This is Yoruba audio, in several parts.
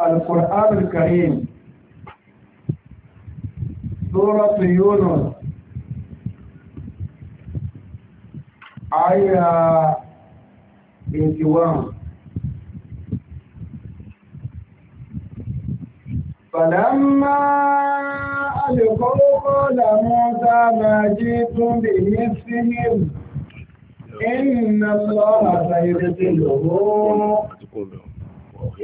القرآن الكريم سورة يونس آية 21 فلما ألقوا قال موسى ما جئتم بمثلهم إن الله سيبطله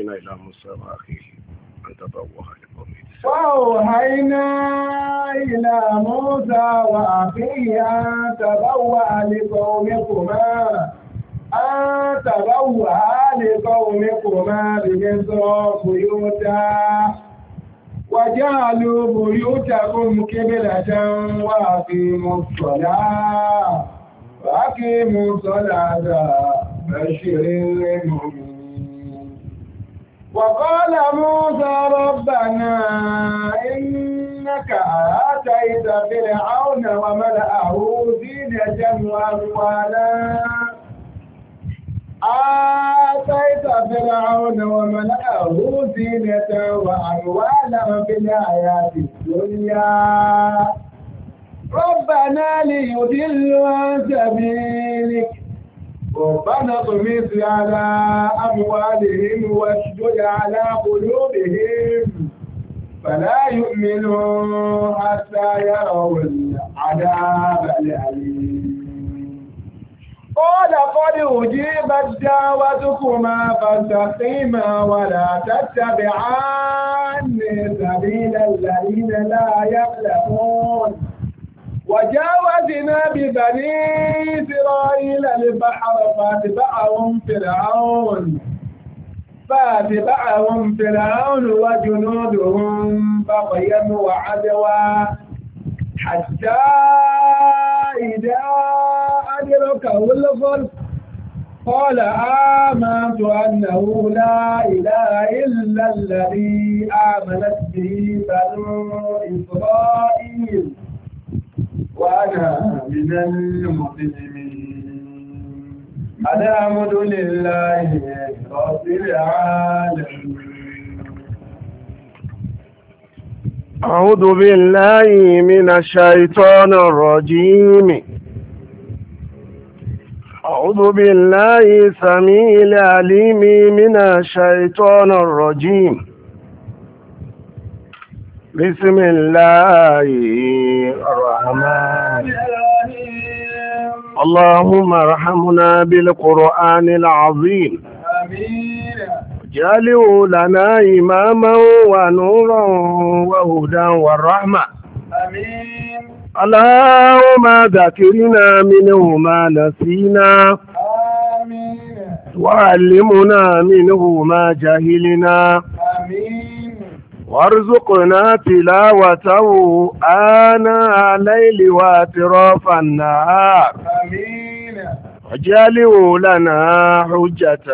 وأوحينا إلى موسى وأخيه أن تبوأ لقومه وأوحينا إلى موسى وأخيه أن تبوأ لقومكما أن تبوأ لقومكما بمصر بيوتا وجعلوا بيوتكم كبلة وأقيموا الصلاة وأقيموا الصلاة بشر المؤمنين وقال موسى ربنا إنك آتيت فرعون وملأه زينة وأموالا آتيت فرعون وملأه زينة وأموالا في الحياة الدنيا ربنا ليضلوا عن سبيلك ربنا طمس على أموالهم واشدد على قلوبهم فلا يؤمنوا حتى يروا العذاب الأليم قال قد أجيبت دعوتكما فاستقيما ولا تتبعان سبيل الذين لا يخلقون وجاوزنا ببني إسرائيل البحر فاتبعهم فرعون فاتبعهم فرعون وجنودهم بقيا وعدوا حتى إذا أدركه الغرق قال آمنت أنه لا إله إلا الذي آمنت به بنو إسرائيل وأنا من المسلمين الحمد لله رب العالمين أعوذ بالله من الشيطان الرجيم أعوذ بالله سميع العليم من الشيطان الرجيم بسم الله الرحمن اللهم ارحمنا بالقرآن العظيم جعله لنا إماما ونورا وهدى والرحمة آمين اللهم ذكرنا منه ما نسينا وعلمنا منه ما جهلنا آمين وارزقنا تلاوته آناء الليل وأطراف النهار آمين واجعله لنا حجة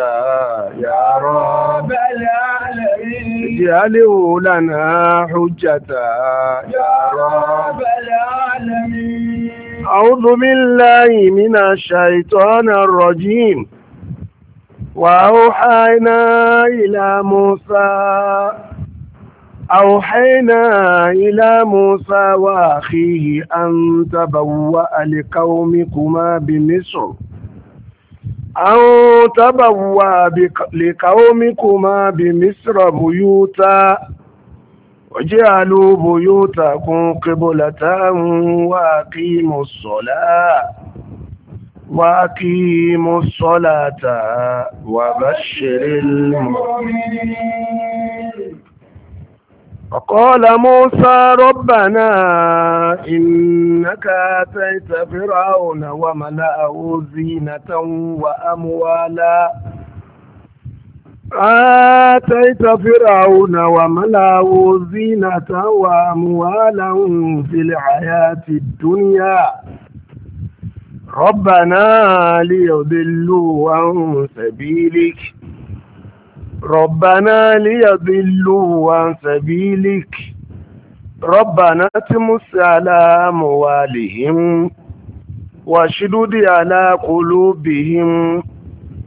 يا رب العالمين اجعله لنا حجة يا رب العالمين أعوذ بالله من الشيطان الرجيم وأوحينا إلى موسى أوحينا إلى موسى وأخيه أن تبوأ لقومكما بمصر أن تبوأ لقومكما بمصر بيوتا وجعلوا بيوتكم قبلة وأقيموا الصلاة وأقيموا الصلاة وبشر المؤمنين وقال موسى ربنا إنك آتيت فرعون وملأه زينة وأموالا آتيت فرعون وملأه زينة وأموالا في الحياة الدنيا ربنا ليضلوا عن سبيلك ربنا ليضلوا عن سبيلك ربنا تمس على أموالهم واشدد على قلوبهم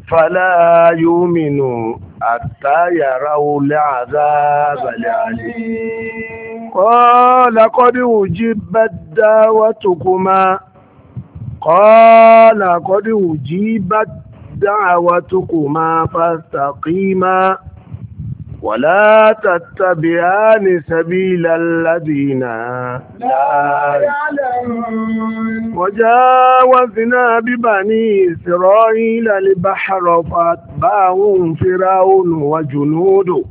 فلا يؤمنوا حتى يروا العذاب العليم قال قد أجيبت دعوتكما قال قد أجيبت دعوتكما فاستقيما ولا تتبعان سبيل الذين لا يعلمون وجاوزنا ببني إسرائيل لبحر فأتبعهم فرعون وجنوده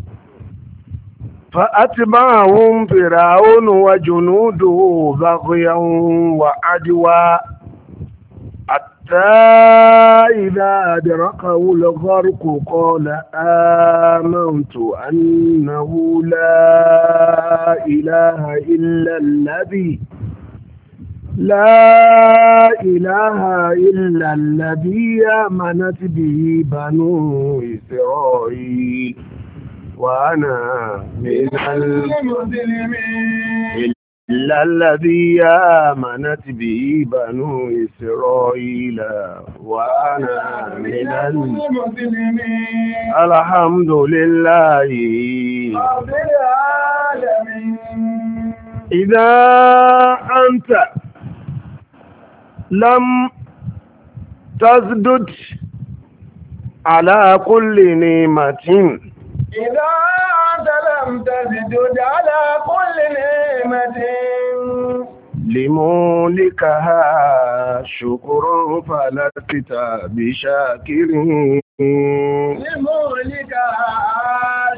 فأتباهم فرعون وجنوده بغيا وعدوا حتى إذا أدركه الغرق قال آمنت أنه لا إله إلا الذي لا إله إلا الذي آمنت به بنو إسرائيل وأنا من المسلمين للذي آمنت به بنو إسرائيل وأنا من المسلمين الحمد لله رب العالمين إذا أنت لم تسدد على كل نعمة إذا أنت لم تسجد لمولكها شكر فلست بشاكر لمولكها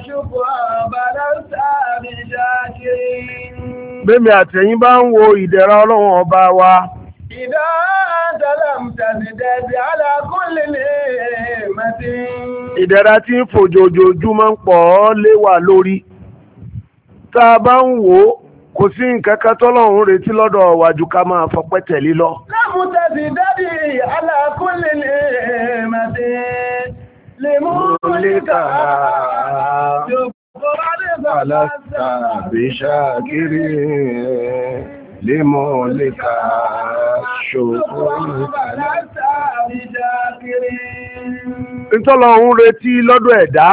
شكر فلست بشاكر bẹ́mi àtẹ̀yìn bá ń wo ìdẹ̀ra Ìdá àdàlàmtà ti dẹ̀dẹ̀ alákúnlé lè mẹ́tí. Ìdẹ̀ra tí ń fòjòjòjúmọ́ ń pọ̀ léwà lórí. Tá a bá ń wò ó, kò sí nǹkan kan tọ́lọ́run retí lọ́dọ̀ wa ju ká máa fọpẹ́ tẹ̀lé lọ. Lámùtà ti dẹ́dì alákúnlé lè mẹ́tí. Lè mú líkà tó kọ́ wá lè bá a sá. kiri. لمولك ṣòro ìtọ́lọ̀ ń retí lọ́dọ̀ ẹ̀dá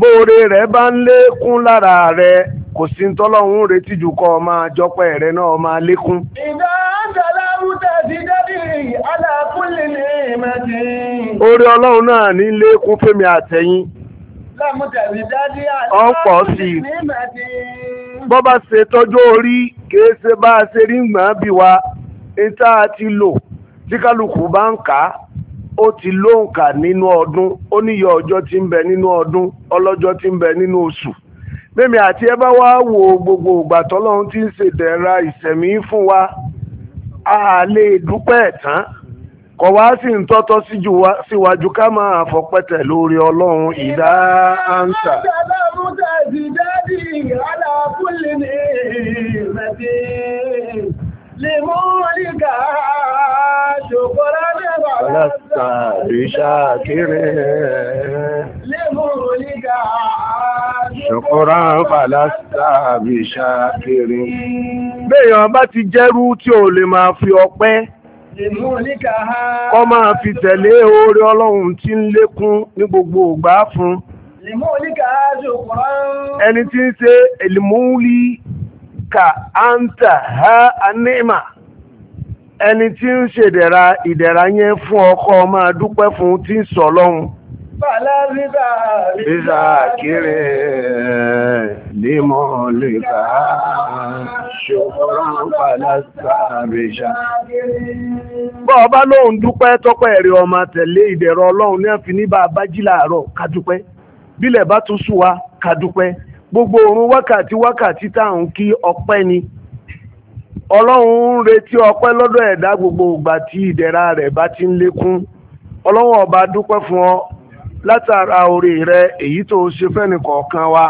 bóore rẹ̀ bá ń lékún lára rẹ̀ kò sí ìtọ́lọ̀ retí jù kọ́ máa jọpẹ́ náà máa lékún. ìdá àjọlá ní ìmọ̀tí. ọlọ́run náà ní lékún fẹ́mi àtẹ̀yìn. lámùtẹ̀sí dájú bọ́bá ṣe tọ́jú orí kìí ṣe bá a ṣe rí bí wa níta ti lò tí kálukú bá ń kà á ó ti lóǹkà nínú ọdún ó níyọ ọjọ́ ti ń bẹ nínú ọdún ọlọ́jọ́ ti ń bẹ nínú oṣù mímí àti ẹ wá wo gbogbo ìgbà tọ́lọ́run ti ń ṣèdẹ̀ra ìṣẹ̀mí fún wa a lè dúpẹ́ tán kọ̀ wá ń tọ́tọ́ síwájú ká máa fọpẹ́tẹ̀ lórí ọlọ́run ìdá áńsà. Ọlọ́sà ìṣàkiri. Ṣọ̀kọ́rá fàlásà ìṣàkiri. Béèyàn bá ti jẹ́rú tí ò lè máa fi ọpẹ́ kọ́ máa fi tẹ̀lé oore ọlọ́run tí ń lékún ní gbogbo ògbà fún ẹni tí ń ṣe èlìmúlì ka áńtà ha anímà ẹni tí ń ṣèdẹ̀ra ìdẹ̀ra yẹn fún ọkọ máa dúpẹ́ fún tí ń sọ lọ́hun Fàlá rídà rídà kiri límọ̀ lèkà ṣòkòrán fàlá Bọ́ ọba lóhun dúpẹ́ tọ́pẹ́ rí ọmọ tẹ̀lé ìdẹ̀rọ ọlọ́run ní àfi ní bá a Bílẹ̀ bá tún sùn wá ká Gbogbo òrun wákàtí wákàtí tá kí ọpẹ́ ni. Ọlọ́run ń retí ọpẹ́ lọ́dọ̀ ẹ̀dá gbogbo ìgbà tí ìdẹ̀ra rẹ̀ bá ti ń lékún. Ọlọ́run ọba dúpẹ́ fún ọ látara orí rẹ èyí tó ṣe fẹ́ni kọ̀ọ̀kan wa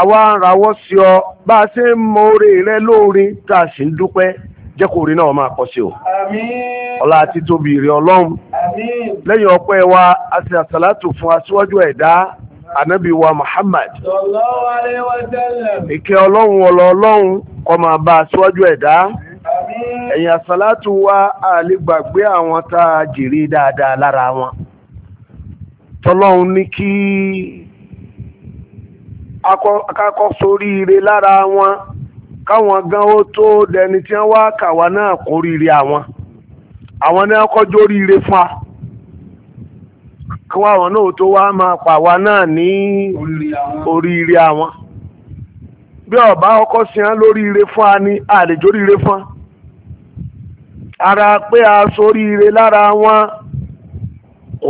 àwa ń rawọ́ sí ọ bá a ṣe ń mọ orí rẹ lóore tá a sì ń dúpẹ́ náà máa pọ̀ sí o ọlá àti tóbi ìrẹ̀ ọlọ́run lẹ́yìn ọpẹ́ wa a ṣe fún aṣíwájú ẹ̀dá anabi wa muhammad ìkẹ́ ọlọ́run ọlọ́ ọlọ́run bá aṣíwájú ẹ̀dá ẹ̀yìn tọ́lọ́run ní kí akákọ́ soríire lára wọn káwọn gan ó tó dẹni tí wọ́n wá kàwa náà kóríire àwọn àwọn náà kọjọ́ oríire fún wa káwọn àwọn náà tó wá máa wa náà ní oríire àwọn bí ọba ọkọ sí án lóríire fún wa ní àlejò oríire fún wa ara pé a soríire lára wọn.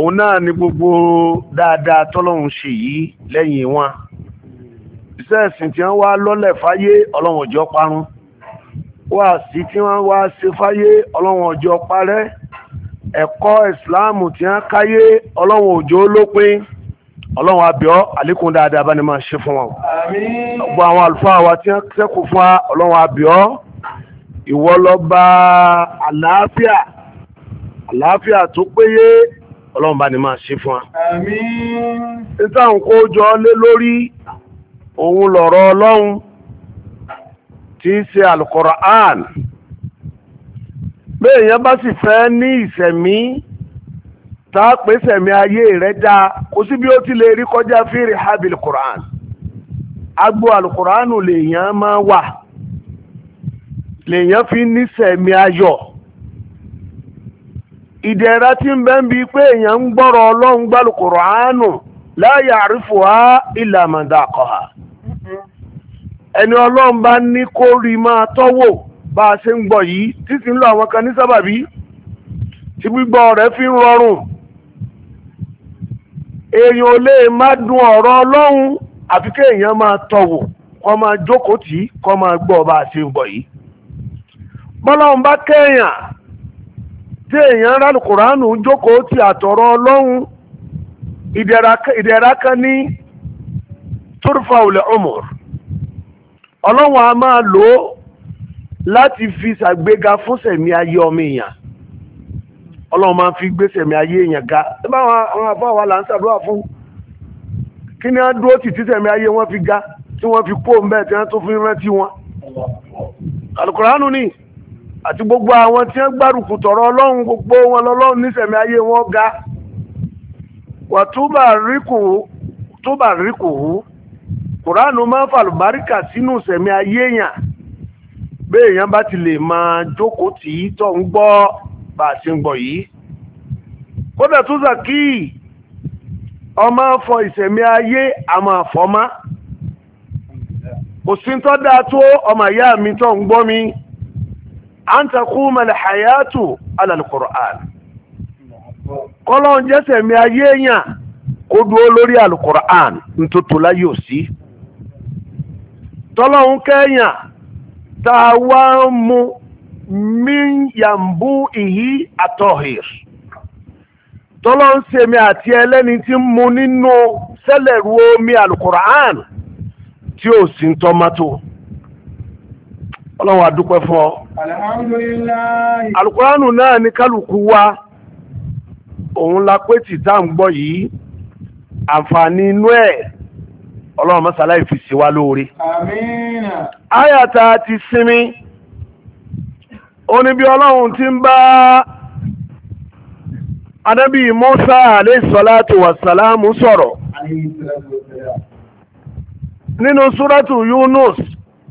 òun náà ni gbogbo dáadáa tọ́lọ́run ṣe yìí lẹ́yìn wọn iṣẹ́ ẹ̀sìn tí wọ́n wá lọ́lẹ̀ fáyé ọlọ́run ọjọ́ parun wá sí tí wọ́n wá ṣe fáyé ọlọ́run ọjọ́ parẹ́ ẹ̀kọ́ ìsìláàmù tí wọ́n káyé ọlọ́run òjò lópin ọlọ́run abiọ́ àlékún dáadáa bá ní máa ṣe fún wọn gbogbo àwọn àlùfáà wa tí wọ́n fún wa ọlọ́run abiọ́ ìwọ àlàáfíà àlàáfíà tó péye ọlọ́run bá ní máa ṣe fún wa. àmín. níta nǹkan ó jọ lé lórí òun lọ̀rọ̀ ọlọ́run tí í ṣe alukoran béèyàn bá sì fẹ́ ní ìsẹ̀mí tá a pè sẹ̀mí ayé rẹ̀ dáa kò sí bí ó ti lè rí kọjá fèrè habil koran agbo alukoranu lèèyàn máa wà lèèyàn fi ní sẹ̀mí ayọ̀. ìdẹ̀ra tí ń bẹ ń bi pé èèyàn ń gbọ́rọ̀ ọlọ́run gbálù kùránù la àrífòhá illa man ẹni ọlọ́run bá ní kó rí máa tọ́wò bá a ṣe ń gbọ̀ yìí títí ń lọ àwọn kan ní sábàbí tí gbígbọ́ rẹ̀ fi ń rọrùn èèyàn ò lè má Ise èèyàn rálù ń jókòó ti àtọ̀rọ̀ ọlọ́run ìdẹ̀ra kan ní turfa ọlọ́run a máa lò ó láti fi fún sẹ̀mí ayé ọmọ èèyàn ọlọ́run máa fi gbé sẹ̀mí ayé èèyàn ga ẹ àwọn àbọ̀ àwa fún kí ni wọ́n dúró títí sẹ̀mí ayé wọn fi ga tí wọ́n fi kó ń bẹ́ẹ̀ tí wọ́n tún fi rántí wọn alukùránù ni. àti gbogbo àwọn tí wọ́n gbárùkù tọ̀rọ̀ ọlọ́run gbogbo wọn lọ́lọ́run nífẹ̀mí ayé wọn ga wà túbà ríkù túbà ríkù hù kùránù máa fàlùbáríkà sínú ìsẹ̀mí ayé yàn bẹ́ẹ̀ yẹn bá ti lè máa jókòó tì í tó ń gbọ́ bá a ti ń gbọ́ yìí kódà tó zàkí ọmọ afọ ìsẹ̀mí ayé àmọ́ àfọ́má kò sí tó dáa tó ọmọ ìyá mi tó ń gbọ́ mi. an takuma hayatu ala alquran kọlọ́n jẹ́sẹ̀ mi ayé èèyàn kó dúró lórí alukur'an ntutu láyé òsí tọ́lọ́hún kẹ́yàn tá a wá ń mu min yambu ìhí àtọ̀hìr tọ́lọ́hún sèmi àti ẹlẹ́ni tí ń mu nínú sẹ́lẹ̀rú omi alukur'an tí ó si ń tọ́mátò. ọlọ́run àdúpẹ́ fún ọ. alukóránù náà ní kálukú wa òun la pé tìta ń gbọ́ yìí àǹfààní inú ẹ̀ ọlọ́run mọ́sálá ìfi sí wa lóore. ayàtà ti sinmi ó bí ọlọ́run ti ń bá anábì Mùsá alayhi salatu wassalamu sọ̀rọ̀ nínú Yunus.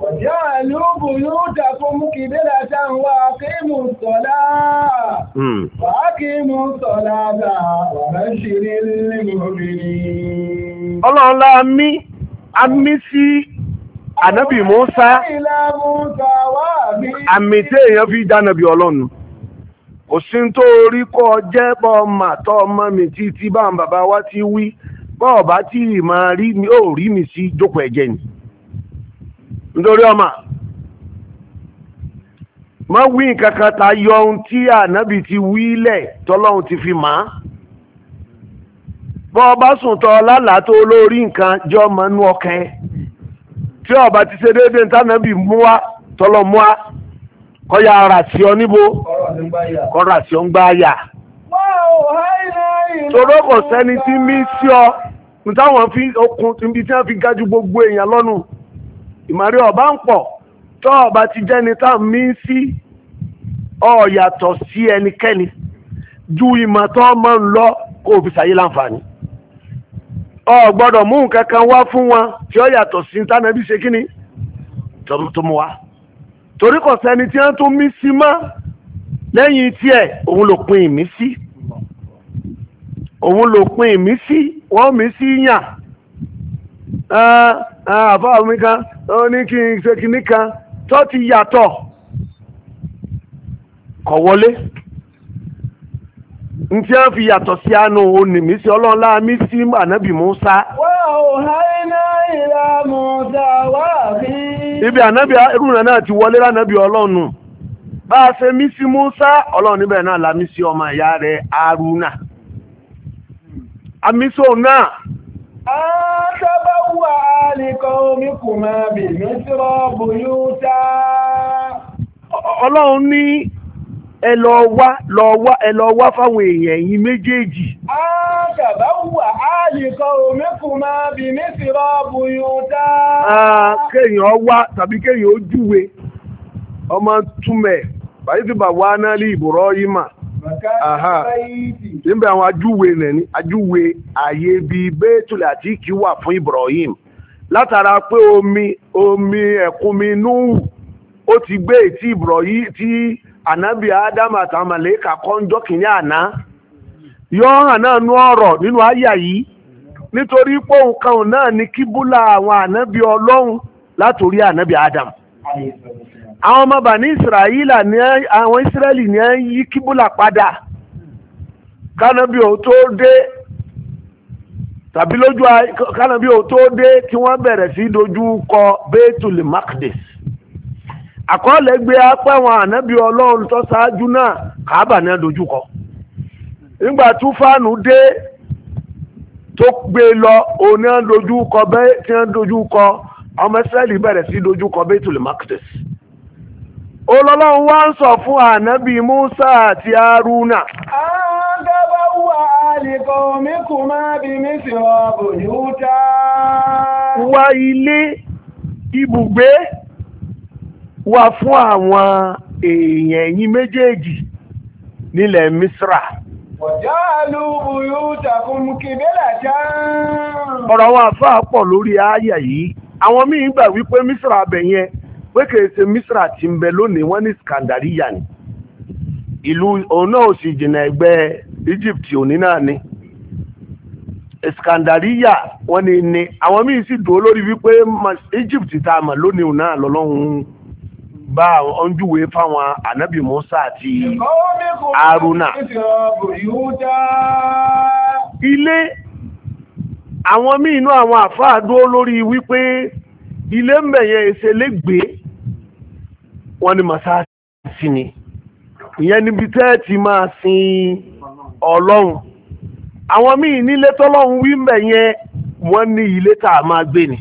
وجعلوا بيوتكم قبلة وأقيموا الصلاة وأقيموا الصلاة وبشر المؤمنين الله لا أمي أمي سي Ànábì Mùsá, àmì tí èèyàn fi dánàbì ọlọ́nu. Òsín tó orí kọ́ jẹ́ bọ́ ọmọ àtọ́ ọmọ mi tí tí bá ń bàbá wá ti wí, bọ́ọ̀ tí ì máa rí mi, ó rí mi sí jókòó ẹ̀jẹ̀ ni nítorí ọmọ má wí nǹkan kan ta yọ ohun tí ànábì ti wí lẹ̀ tọ́lọ́hun ti fi mà á bọ́ ọba sùn tọ́ lálàá tó lórí nǹkan jọ mọ́ nú ọkàn ẹ̀ tí ọba ti ṣe déédéé tánàbì mú wa tọ́lọ́ mú wa kọ́ya ara sí ọ níbo kọ́ra sí ọ ń gbá yà tòró kò sẹ́ni tí mí sí ọ nítawọn fi okun ibi tí wọ́n fi gájú gbogbo èèyàn lọ́nu ìmọ̀rí ọba ń pọ̀ tó ọba ti jẹ́ni tá mi sí ọ̀yàtọ̀ sí ẹnikẹ́ni ju ìmọ̀ tó mọ̀ ń lọ kó o fi ṣàyé láǹfààní ọ gbọ́dọ̀ mú nǹkan kan wá fún wọn tí ó yàtọ̀ sí tánàbí ṣe kíni tó mú wá torí kò sẹ́ni tí wọ́n tún mí sí mọ́ lẹ́yìn tiẹ̀ òun ló pin ìmí sí òun ló pin ìmí sí wọ́n mí sí yàn Ah, àfáà afọ kan ó ní kí tó ti yàtọ̀ kọ̀ wọlé a fi yàtọ̀ sí àánú onímí sí ọlọ́run láàmì sí ànábì Musa. wà ó hainá ìlà Musa ibi ànábì irúnà náà ti wọlé lánàbì ọlọ́run bá a ṣe mí sí Musa ọlọ́run níbẹ̀ náà láàmì sí ọmọ ìyá rẹ̀ Haruna. àmì náà. لقومكما بمصر ma ọlọ́run ní ẹ lọ wá lọ wá fáwọn èèyàn yìí méjèèjì. àgàbà wà á lè kọ òmìnkùnmá bí mísìrọ̀ kéèyàn wá tàbí kéèyàn ó júwe ọmọ túmẹ̀ báyìí ti bà wá náà ní yìí mà níbi àwọn ajúwe ajúwe àyè bíi bẹ́ẹ̀tùlẹ̀ fún Ibrahim. látara pé omi omi ẹ̀kúnmi núhù ó ti gbé ètí ìbùrọ̀ yìí tí ànábì ádámù àtàwọn màlẹ́kà kọ́ńjọ́ kìíní àná yọ̀ọ́hàn náà nú ọ̀rọ̀ nínú àyà yìí nítorí pé òun kan náà ní kíbúlà àwọn ànábì ọlọ́run látòrí ànábì ádámù àwọn ọmọ bàní ìsìràílà ní àwọn ìsírẹ́lì ní yí kíbúlà padà kánábì òun tó dé tàbí lójú kánàbí ò tó dé kí wọ́n bẹ̀rẹ̀ sí dojú kọ Baitul Maqdis àkọọ́lẹ̀ gbé apá àwọn ànábì ọlọ́run tó ṣáájú náà kàábà náà dojú kọ nígbà túfánù dé tó gbé lọ kọ bẹ́ẹ̀ tí wọ́n dojú kọ ọmọ kọ olọ́lọ́run wá ń sọ fún ànábì Musa àti Haruna. Ah! لقومكما بمثل بيوتا wá ilé ibùgbé wá fún àwọn èèyàn yín méjèèjì nílẹ̀ misra wọ̀jáàlú buyutakum qibelatan ọ̀rọ̀ àwọn àfáà pọ̀ lórí ààyà yìí àwọn míì gbà wípé misra abẹ̀yẹn pé kèé misra ti ń bẹ lónìí wọ́n ní skandariya ni ìlú òun náà ò sì jìnnà ẹgbẹ́ Egypt òní náà ni Iskandaria wọ́n ní ni àwọn míì sì dúró lórí wípé Egypt tá a mọ̀ lónìí òun náà lọ́lọ́run bá ọ̀njúwe fáwọn ànábì Musa àti Haruna ilé àwọn míì inú àwọn àfáà dúró lórí wípé ilé mbẹ̀yẹ ìṣẹlẹ́gbẹ̀ẹ́ wọ́n ní màsáàsì ni ìyẹn níbi tẹ́ẹ̀ máa sin ọlọ́run àwọn míì nílé tọ́lọ́run wí mbẹ̀ yẹn wọ́n ní ilé tá a máa gbé ni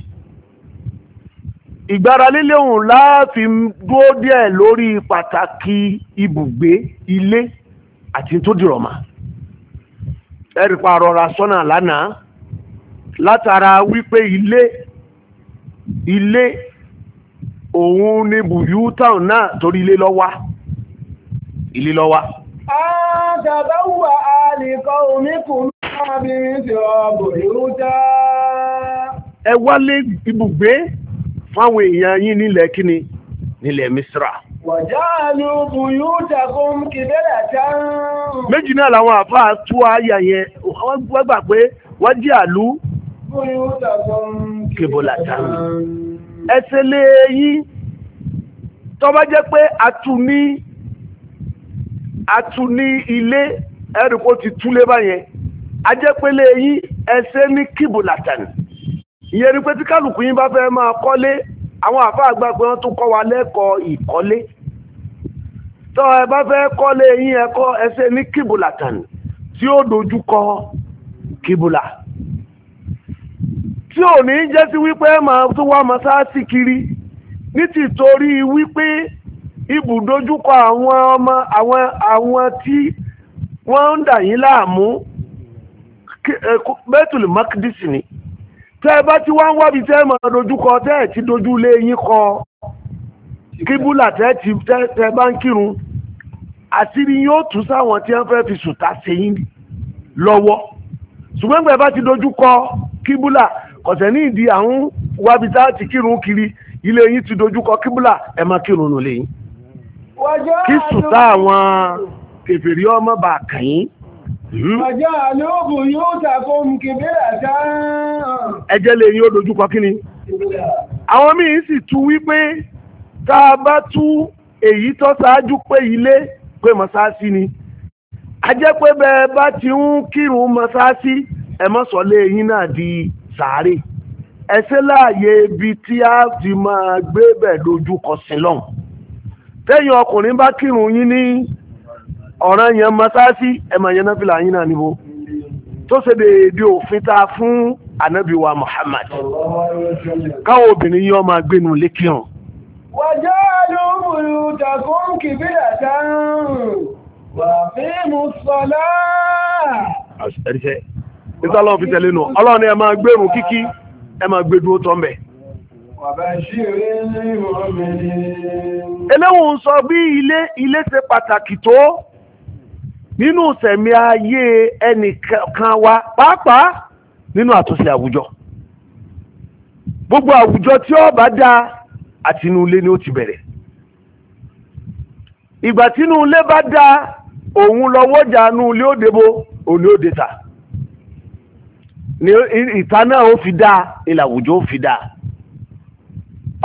ìgbára lílé òun láàfin dúró díẹ̀ lórí pàtàkì ibùgbé ilé àti tó dìrọ̀ mà ẹ̀rì pààrọ̀ ra sọ́nà lánàá látara wípé ilé ilé òun ni u-town náà torí ilé lọ́wà ilé lọ́wà. tàbáwà àlìkọ́ omíkùn lábìrin ti ọbò ìrújá. ẹ wálé ibùgbé fáwọn èèyàn yín nílẹ̀ kíni nílẹ̀ misra. wàjáàlú buyútakùn kìbẹ́lẹ̀ tán. méjì náà làwọn àfáà tú àyà yẹn wọ́n gbà pé wọ́n jí àlú kìbọ̀là tán. ẹsẹ̀ lé yín tó bá jẹ́ pé a tún ní a tún ní ilé ẹ̀rù kó ti túlé báyẹn a jẹ́ pélé yín ẹsẹ̀ ní kíbùlàtàn ìyẹn ni pé tí kálukú yín bá fẹ́ máa kọ́lé àwọn àfa àgbà pé wọ́n tún kọ́ wa lẹ́kọ̀ọ́ ìkọ́lé tọ́ ẹ bá fẹ́ kọ́lé yín ẹ̀kọ́ ẹsẹ̀ ní kíbùlàtàn tí ó dojú kọ kíbùlà tí ò ní jẹ́ sí wípé ẹ máa tún wá mọ́sáàsì kiri ní tìtorí wípé ibùdójúkọ àwọn ọmọ àwọn àwọn tí wọ́n ń dà yín láàmú eh, bẹ́tùlì mákìdísì ni tẹ́ ẹ bá ti wá ń wábi tẹ́ ẹ máa dojúkọ tẹ́ ẹ ti dojú lé yín kọ kíbúlà tẹ́ ẹ ti tẹ́ ẹ bá ń kírun àṣírí yóò tú sáwọn tí wọ́n fẹ́ fi sùtá ṣe yín lọ́wọ́ ṣùgbọ́n gbẹ̀ bá ti dojú kọ kọ̀sẹ̀ ní ìdí àwọn wábi tá a ti kírun kiri ilé yín ti dojú kọ ẹ máa kírun nù lẹ́yìn kí sùtá àwọn kèfèrí ọmọ bá kàyín. ọjọ́ hmm? àlóòbù yóò tàkùn kìbílà tán. ẹjẹ́ lè yín ó dojúkọ kí ni. àwọn míì sì tú wípé tá a bá tú èyí tó ṣáájú pé ilé pé mọ́sáàsì ni a pé bẹ́ẹ̀ bá ti ń kírun mọ́sáàsì ẹ má sọ yín náà di sàárè ẹ ṣe láàyè ibi tí a ti máa gbé bẹ̀ dojú kọ sí tẹ́yìn ọkùnrin bá kírun yín ní ọ̀rọ̀ yẹn mọ́sáàsì ẹ̀mọ̀ yẹn náfìlà yín náà níbo tó ṣe òfin ta fún ànábì Muhammad káwọn obìnrin yìí ọmọ agbénu lékè hàn. ló ń bùrù takùn kìbílà dáhùn wà fí mùsọ̀lá. ẹ̀ríṣẹ́ fi tẹ̀lé nù ọlọ́run máa gbẹ̀rù kíkí máa gbẹ̀dúró eléwọ̀n sọ bí ilé ilé ṣe pàtàkì tó nínú sẹ̀mí ayé ẹnìkan wa pàápàá nínú àtúnṣe àwùjọ gbogbo àwùjọ tí ó bá dáa àti inú ilé ni ó ti bẹ̀rẹ̀ ìgbà tí inú ilé bá dáa òun lọ́wọ́ jà inú ilé ó debo òun ni ó ìta náà ó fi dáa ìlàwùjọ ó fi dáa.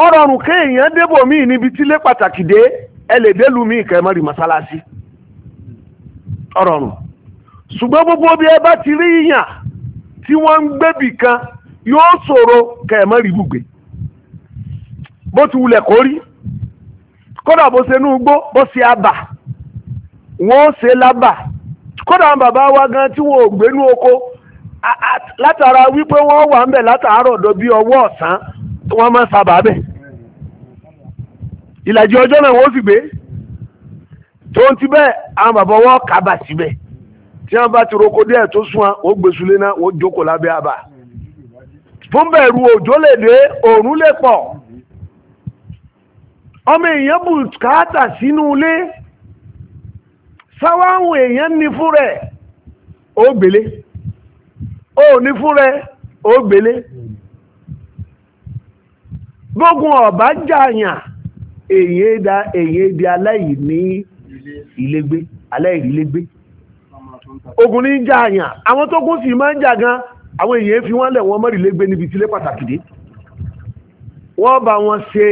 ọ̀rọ̀rùn kéèyàn débò míì níbi lé pàtàkì dé ẹ lè délù ọ̀rọ̀rùn ṣùgbọ́n gbogbo bí ẹ bá ti rí yàn tí wọ́n gbébì kan yóò ṣòro kẹmọ́rì ibùgbé bó ti wulẹ̀ kódà bó ṣe bó ṣe wọ́n ṣe lábà kódà wa gan tí ò gbénú wọ́n máa sábà bẹ̀ ìlàjì ọjọ́ náà wọ́n sì gbé tó ń ti bẹ́ẹ̀ àwọn bàbá wọn kábà síbẹ̀ tí wọ́n bá ti roko díẹ̀ tó sún wọn ó gbèsùlé náà ó jókòó lábẹ́ àbá fún bẹ̀rù òjò lè dé òòrùn lè pọ̀ ọmọ èèyàn bùkátà sínú ilé sáwáhùn èèyàn ní fún rẹ̀ ó gbélé ó ní fún rẹ̀ ó gbélé bógun ọ̀bá jàyàn èyí di aláìní ilégbé aláìrílégbé ogun ní jàyàn àwọn tó kún sí máa ń jà gan àwọn èyí fi wọ́n lẹ̀ wọ́n mọ́rìlégbé níbi tílé pàtàkì dé wọ́n bá wọn ṣe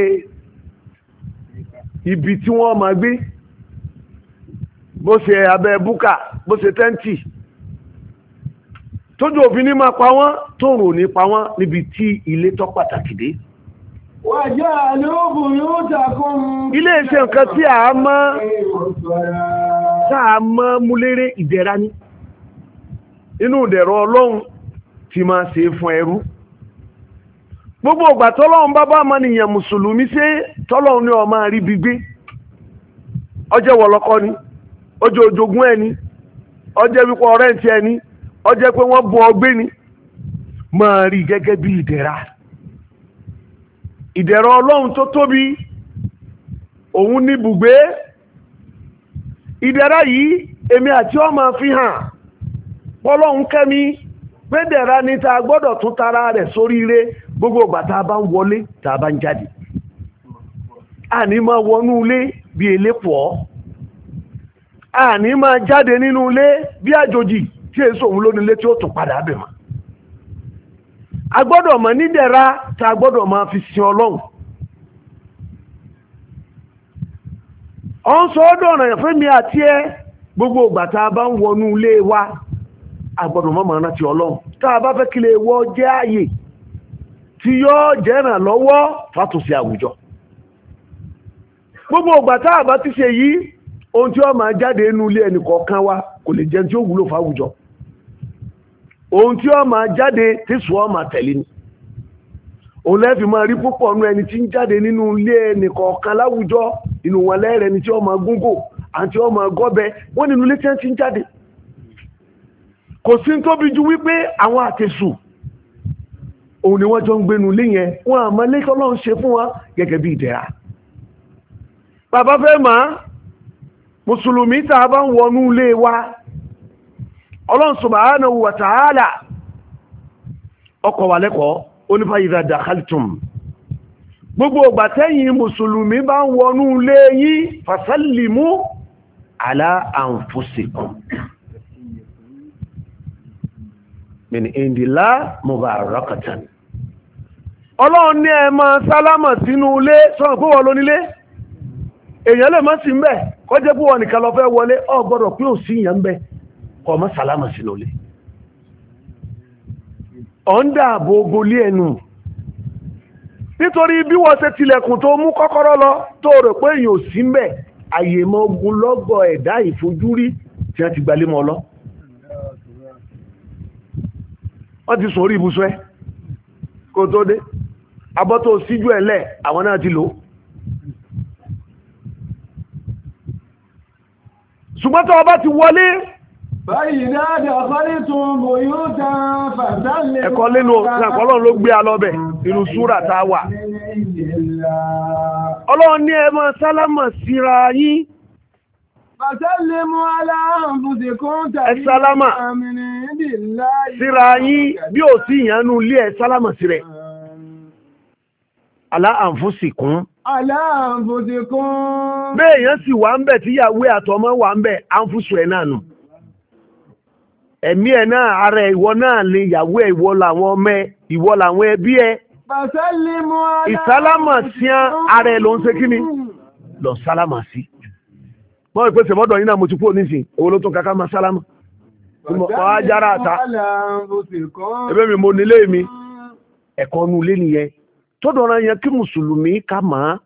ibi tí wọ́n máa gbé bó ṣe abẹ́ búkà bó ṣe tẹ́ǹtì tójú òfin ní máa pa wọ́n tóòrùn ní pa wọ́n níbi tí ilé tó pàtàkì dé ilé iṣẹ́ nǹkan tí a mọ́ sáà mọ́ múléré ìdẹ̀ra ní inú ìdẹ̀rọ ọlọ́run ti máa se fún ẹrú gbogbo ìgbà tọ́lọ́run bá bá nìyàn mùsùlùmí ṣe tọ́lọ́run ní ọmọ rí gbígbé ọjẹ́ wọ̀lọ́kọ́ ni ọjẹ́ ojogún ẹni ọjẹ́ wípọ̀ rẹ́ǹtì ẹni ọjẹ́ pé wọ́n bu ọgbé ni máa rí ìdẹ̀ra ọlọ́run tó tóbi òun ní bùgbé ìdẹ̀ra yìí èmi àti ọmọ fi hàn pọ́lọ́run kẹ́mi pé dẹ̀ra ni ta gbọ́dọ̀ tún tara rẹ̀ sóríire gbogbo ìgbà tá a bá ń wọlé tá a bá ń jáde àní máa wọnú ilé bí elépọ̀ àní máa jáde nínú ilé bí àjòjì tí èso òun lónìí ilé tí ó tún padà bẹ̀ a gbọ́dọ̀ mọ̀ nídẹ̀ra tá a gbọ́dọ̀ máa fi sin ọlọ́run ọ ń sọ ọdọ̀ ọ̀ràn fẹ́mi àti ẹ gbogbo ìgbà tá a bá ń wọnú ilé wa a gbọ́dọ̀ mọ̀ mọ̀ rántí ọlọ́run tá a bá fẹ́ kí lè wọ jẹ́ àyè tí yóò jẹ́ràn lọ́wọ́ fàtúnṣe àwùjọ gbogbo ìgbà tá bá ti ṣe yìí ohun tí ó máa jáde nínú ilé ẹnì kọ̀ọ̀kan wa kò lè jẹun tí ó wúlò fáwùjọ ohun tí ó máa jáde tí sùn ó máa tẹ̀lé ni òun lẹ́fì máa rí púpọ̀ nú ẹni tí ń jáde nínú ilé ẹnìkọ̀ọ̀kan láwùjọ inú wọn lẹ́rẹ̀ ẹni tí ó máa gúngò àti ó máa gọ́bẹ wọ́n nínú ilé tí wọ́n ti ń jáde kò sí tóbi ju wípé àwọn àtẹ̀sù òun ni wọ́n jọ ń gbénu ilé yẹn àmọ́ ilé mùsùlùmí tá a bá ń wọnú ilé ọlọ́run subhanahu wa ta'ala ọkọ̀ wà lẹ́kọ̀ọ́ onífàyíza gbogbo ọgbà tẹ́yìn musulmi bá ń wọnú ilé yí fasallimu ala anfusikum min indila mubarakatan ọlọ́run ní ẹ sálámà sínú ilé sọ́rọ̀ pé wọ́n lè má sí kọjẹ́ pé wọ́n nìkan lọ kọ mọ́ sàlámà sí lọlé ọ̀ndà àbògbò lé ẹnu nítorí bí wọ́n ṣe tilẹ̀kùn tó mú kọ́kọ́rọ́ lọ tó rò pé èyàn ò sí mbẹ̀ àyèmọ́ ogun lọ́gọ̀ ẹ̀dá ìfojúrí tí wọ́n ti gbalé mọ́ lọ wọ́n ti sùn orí ibùsùn ẹ̀ kó tó dé abọ́tò síjú ẹ̀ lẹ̀ àwọn náà ti lò ṣùgbọ́n tó o ti wọlé Ẹ̀kọ́ lélo ẹ̀kọ́ ọlọ́run ló gbé alọ́bẹ̀ inú súrà tá wà. Ọlọ́run ní ẹ sálámà síra yín. Ẹ síra yín bí ò sí ìyànú ilé ẹ sí rẹ̀. Àlá àǹfúsìkún. Àlá àǹfúsìkún. Bẹ́ẹ̀ yẹn sì wà ń bẹ̀ tíyàwó àtọmọ wà ń bẹ̀ àǹfúsù ẹ̀ náà nù ẹ̀mí ẹ̀ náà ara ìwọ náà lè yàwó ẹ̀ ìwọ làwọn ọmọ ẹ̀ ìwọ làwọn ẹbí ẹ̀. ìsálámà sí ara ẹ̀ ló ń ṣe kí ni lọ sálámà sí. mọ́ ìpèsè mọ́dọ̀ yín náà mo ti kú oníṣìn èwo ló tún kàkà máa sálámà. mọ̀ á àta ẹ̀bẹ̀ mi mo nílé mi ẹ̀kọ́ nu ilé nìyẹn tó dọ̀ra yẹn kí mùsùlùmí ká máa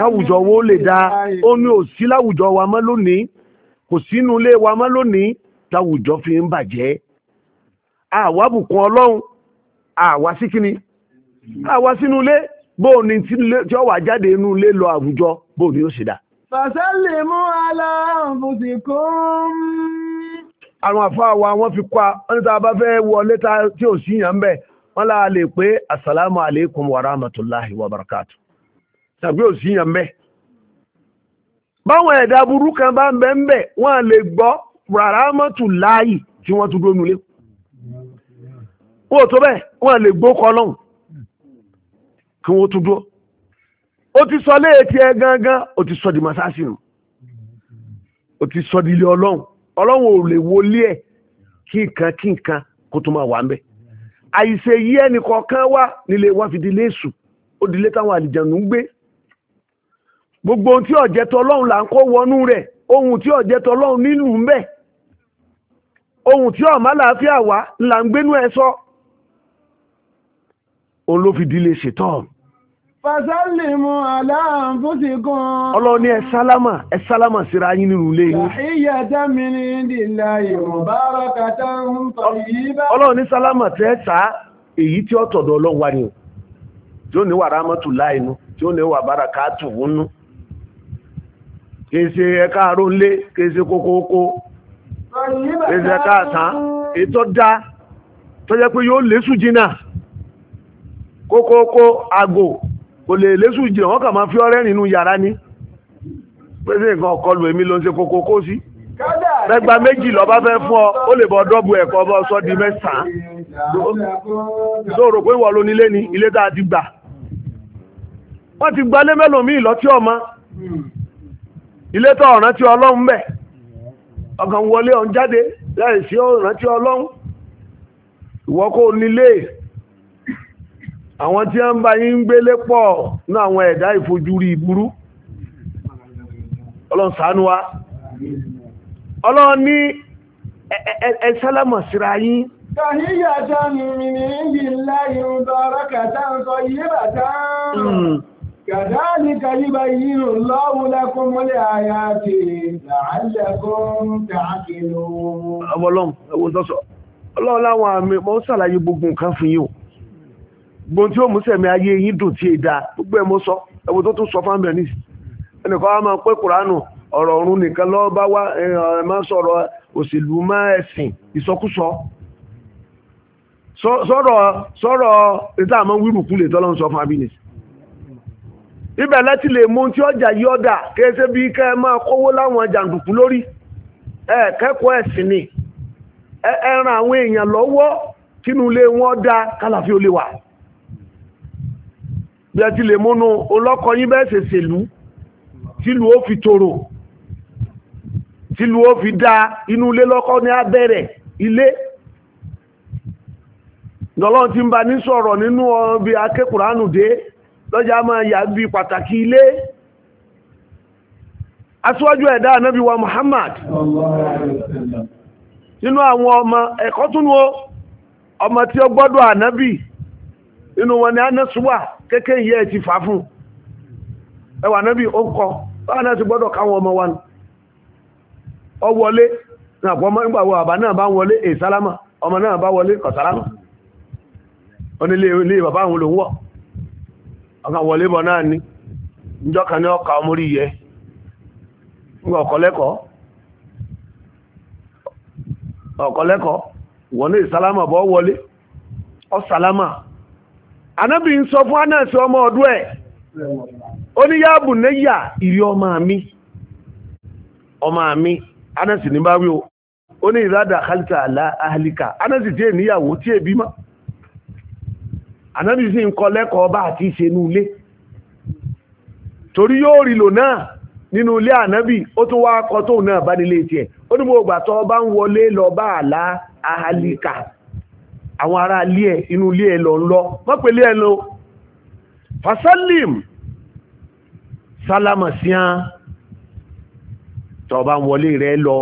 káwùjọ wo lè dáa ó ní òsí láwùjọ wa mọ́ lónìí kò sínú ilé wa mọ́ lónìí táwùjọ fi ń bàjẹ́ àwa bùkún ọlọ́run àwa sí kíni àwa sínú ilé bóò ni tí ó wà jáde inú ilé lọ àwùjọ bóò ni ó sì dá. fàṣẹ́lì mú aláǹfùsì kún. àwọn àfáà wa wọ́n fi kọ́ a wọ́n ní tá a bá fẹ́ wọlé tí ò síyàn ń bẹ̀ wọ́n láà lè pé asalaamu aleykum wa rahmatulahi wa barakatu tàbí ò síyàn ń bẹ̀. báwọn ẹ̀dá burúkú kan bá ń bẹ̀ ń lè gbọ́ ràrámọ́tù láàyè tí wọ́n tún dónú lé wọ́n tó bẹ́ẹ̀ wọ́n lè gbó kọlọ́hùn kí wọ́n tún dúró ó ti sọ léètì ẹ gángan ó ti sọ di masasi nù ó ti sọ di ilé ọlọ́hùn ọlọ́hùn ò lè wọlé ẹ̀ kí nǹkan kí nǹkan kó tó máa wà ń bẹ̀ àìṣe yí ẹnì kọ̀ọ̀kan wá nílé wá fi dilé èṣù ó dilé táwọn àlìjànú ń gbé gbogbo ohun tí ọ̀jẹ̀tọ̀ ọlọ́hùn là ń kó wọnú rẹ̀ ohun tí ọ̀jẹ̀tọ̀ ọlọ́hùn nínú ń bẹ́ẹ̀ ohun tí ọ̀má làáfíà wá là ń gbénú ẹ sọ òun ló fi dílé ṣètọ́ọ̀nù fasalimu aláàfúsìkún. ọlọ́run ní ẹ sálámà ẹ sálámà síra yín nínú ilé yín. ìyá dámìnì dìlà ìmọ̀bára kàtà ń fa yìí bá. ọlọ́run ní sálámà tẹ́ ta èyí tí ó tọ̀dọ̀ ọlọ́run wa ni o tí ó ní wà rámọ́tù láìnú tí ó ní wà bára káàtù wúnú. kèsè ẹ̀ka àrólé kèsè kókóókó ẹ̀sẹ̀ káàtàn dá tó jẹ́ pé yóò lésù jìnnà kókókó àgò kò lè lésù wọ́n máa fi ọ̀rẹ́ nínú yàrá ní pé nǹkan ọ̀kọlù èmi ló ń ṣe kókókó sí mẹ́gbà méjì lọ́ba fẹ́ fún ọ lè bọ́ dọ́bù ẹ̀kọ́ bọ́ sọ di mẹ́sàn-án ilé tá ti ti ti tí ọlọ́run ọkàn wọlé ọ̀n jáde láì sí ìrántí ọlọ́run nílé àwọn tí wọ́n bá yí ń gbélé pọ̀ ní àwọn ẹ̀dá ìfojúrí ìburú ọlọ́run ṣàánú wa ọlọ́run ní ẹ síra yín mi ní ìlà ń sọ كذلك يبين الله لكم الآيات لعلكم تعقلون ọmọ ọlọ́run ẹwọ́n tó sọ ọlọ́run láwọn àmì mọ́ sàlàyé gbogbo nǹkan fún yín o gbogbo tí ó mú sẹ̀mí ayé yín dùn tí èdà gbogbo ẹ̀ mọ́ sọ ẹwọ́n tó tún sọ fún abẹ́ni ẹnìkan wa máa pé kùránù ọ̀rọ̀ ọ̀run nìkan ló bá wá ẹ̀ sọ̀rọ̀ òṣèlú máa ẹ̀sìn ìsọkúsọ sọ̀rọ̀ sọ̀rọ̀ ìtààmú wírùkú lè tọ́lọ́ sọ fún abínisi ibẹ̀ láti lè mú tí ọjà yí ọ̀dà kéèsè bí kẹ́ ẹ máa kówó láwọn jàǹdùkú lórí ẹ kẹ́kọ̀ọ́ ẹ̀sìn ni ẹ ran àwọn èèyàn lọ́wọ́ kínú wọn dá kálàfí ó lè wà bí ẹ ti lè olọ́kọ yín bẹ́ẹ̀ ó fi tòrò ó fi dá inú ilé lọ́kọ́ ní abẹ́rẹ̀ ilé ti ń lọ́jà máa yà bí pàtàkì ilé aṣíwájú ẹ̀dá ànábì wa Muhammad nínú àwọn ọmọ ẹ̀kọ́ tún wo ọmọ tí ó gbọ́dọ̀ ànábì nínú wọn ni anasuwa keke yẹ ti fà fún ẹwà ànábì ó kọ báwọn ti gbọ́dọ̀ káwọn ọmọ wa ọ wọlé ọmọ náà bá wọlé ọkà wọlé bọ̀ náà ni níjọ́ kan ní ọkà ọmọrí yẹ nígbà ọ̀kọ́lẹ́kọ̀ọ́ ọ̀kọ́lẹ́kọ̀ọ́ wọ́n ní ìsálámà bọ́ wọlé ọ̀sálámà anábì ń sọ fún anẹ́sì ọmọ ọdún ẹ̀ ó ní yáàbù nẹ́yà ìrí ọmọ mi ọmọ mi anẹ́sì ní bá wí o ó ní ìrádà kálítà àhálíkà anẹ́sì tí ènìyàwó tí èbí máa ànábì sì ń lẹ́kọ̀ọ́ bá àti ṣe ilé torí yóò rí náà nínú ilé ànábì ó tún wá kọ tóun náà bá nílé tiẹ̀ ó ní ahalika àwọn ará ilé ẹ̀ inú ilé ẹ̀ lọ ń lọ mọ́pẹ̀lé ẹ̀ lọ fasalim sálámà sí ń wọlé rẹ̀ lọ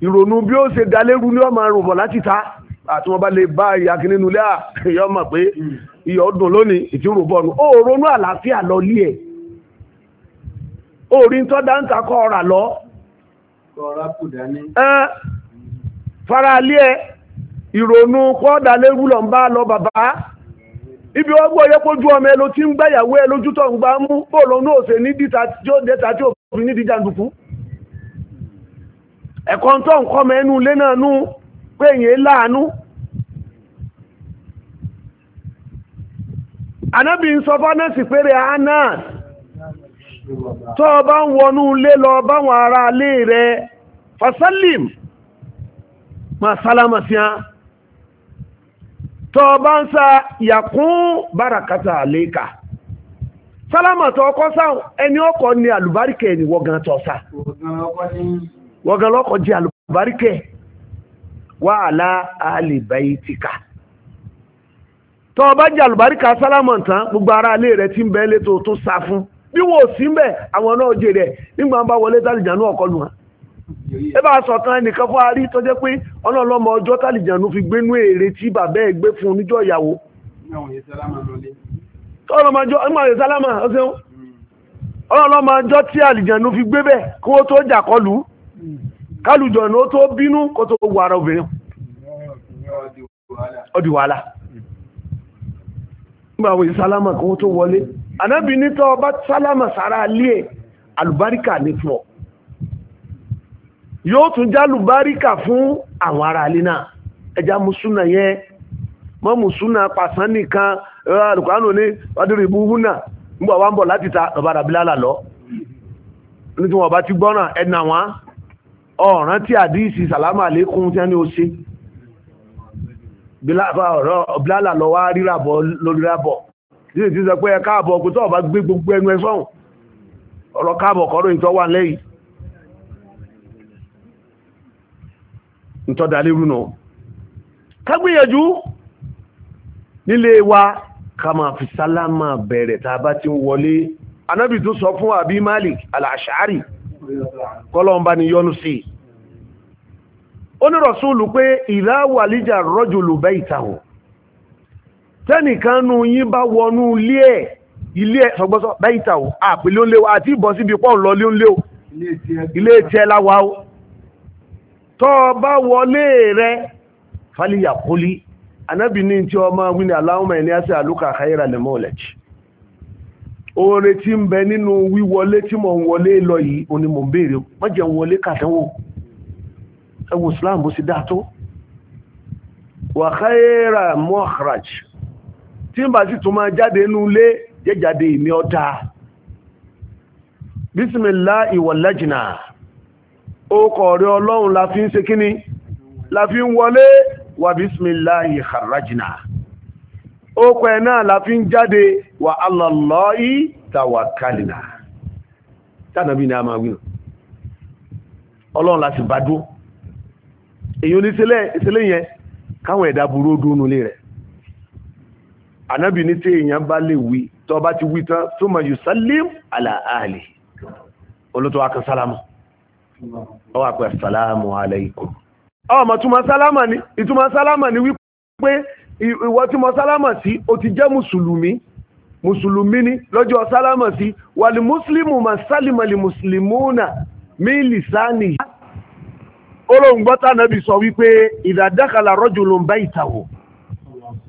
ìrònú bí ó ṣe dalérú ní ọmọ àrùn bọ̀ láti ta àti wọn bá lè bá ìyá kìíní nulẹ̀ à ah, ìyá ọmọ pé ìyá hmm. ọdún lónìí ìtì rò bọ́ọ̀nù ó ronú àlàáfíà lọ lé ẹ̀ orí tó dáńtà kọ́ ọ̀rà lọ. ẹ fara lé ẹ ìrònú kọ́ dalérú lọ ń bá lọ bàbá ibi ọgbọ́ yẹ́pọ̀jú ọmọ ẹ ló ti ń gbáyàwó ẹ lójútọ̀ ń gbá mú bóòlù náà ṣe ní dìtà tí ò fi ní dìjàǹdùkú. ẹ̀kọ́ tó ń kọ́ mẹ́nu ilé náà nú pé èyàn láàánú anábì ń sọ fánẹ́sì péré anas tó o bá ń wọnú ilé lọ báwọn fasalim ma sálámà sí án tó o ń sa yàkún bárakátà àlékà sálámà tó ọkọ́ sáwọn ẹni ọkọ̀ ni àlùbáríkẹ̀ ni sá wọ́gán lọ́kọ̀ jẹ́ alùbáríkẹ̀ wà alá alìbáyé tìkà tọ́ ọba jẹ́ alùbáríkà sálámọ̀ tán gbogbo ara ilé rẹ̀ ti ń bẹ́ lé tó tó sá fún bí wò sí ń bẹ̀ àwọn náà jẹ́ rẹ̀ nígbà bá wọlé tálìjànú ọ̀kọlù wọn ẹ bá sọ kan fún arí tó jẹ́ pé ọlọ́ọ̀lọ́mọ ọjọ́ tálìjànú fi gbénú èrè tí bàbá ẹ̀ gbé fún níjọ́ ìyàwó ọlọ́mọjọ́ ọlọ́mọjọ́ tí àlìjànú fi gbé bẹ̀ kó tó jà kọlù kálùjọ ní ó tó bínú kó tó gbogbo ara obìnrin ọdí wàhálà nígbàwò ìsálámà kan tó wọlé anábi nítọ́ ọba sálámà sára alé alùbáríkà ní fún ọ yóò tún já alùbáríkà fún àwọn ará alé náà ẹja musúnà yẹn mọ́ musúnà nìkan alùkánù ní nígbà wá ń bọ̀ láti ta ọ̀ràn tí àdíìsì sàlámà lékún tí wọ́n ní ó ṣe bílálà lọ wá rírabọ̀ lórí rábọ̀ títí tí sọ pé ẹ káàbọ̀ kò tó ọba gbé gbogbo ẹnu ẹ sọ́hùn ọ̀rọ̀ káàbọ̀ kọ́rọ̀ ìtọ́ wà lẹ́yìn ìtọ́dalérú náà kágbìyànjú nílé wa ká máa fi sálámà bẹ̀rẹ̀ tá a bá ti ń wọlé anábì tún sọ fún àbí Malik al kọ́lọ́n bá ni yọ́nú sí onírọ̀súlù pé ìdáwàlíjà rọ́jùlù bẹ́ ìtàwò tẹ́nìkan nú yí bá wọnú ilé ẹ̀ ilé ẹ̀ sọgbọ́sọ bẹ́ ìtàwò àpìlẹ̀ oúnlé àti ìbọn síbi pọ́ lọ lé ilé tiẹ̀ láwa o tọ́ bá wọlé rẹ fàlíyà kólí anábì ní tí ọmọ wíní aláwọ̀mọ̀ ẹni oore tí ń bẹ nínú wíwọlé tí mò ń wọlé lọ yìí òun ni mò ń béèrè má ń wọlé kàdánwò ẹ Islam bó ṣe dáa tó wa khaira tí ń bá sì tún máa jáde inú ilé jẹ́jáde ìní ọ̀tá bisimilahi wallajna ó kọ̀ọ̀rẹ́ ọlọ́run la fi ń ṣe la fi ń wọlé wa bisimilahi kharajna. ókọ ẹ̀ náà la fi ń jáde wà alàlọ́yí tàwàkálìnà tánàbí ni a máa wí ọlọ́run láti bá dúró èyí oníṣẹ́lẹ̀ ìṣẹ́lẹ̀ yẹn káwọn ẹ̀dá burú dúnú lé rẹ̀ ànábì ní tí èèyàn bá lè wí bá ti wí tán tó mọ̀ yusallim ala ahli olótó akọ sálámù ọwọ́ àpẹ sálámù alaykum ọmọ ni ìwọ tí mo sálámà sí o ti jẹ́ mùsùlùmí mùsùlùmí ní lọ́jọ́ sálámà sí wàlì mùsùlùmù mà sálìmàlì mùsùlùmúnà mílì sáàni olóńgbọ́tà nàbì sọ wípé ìdàdákàlà rọ́jò ló ń bá ìtàwọ̀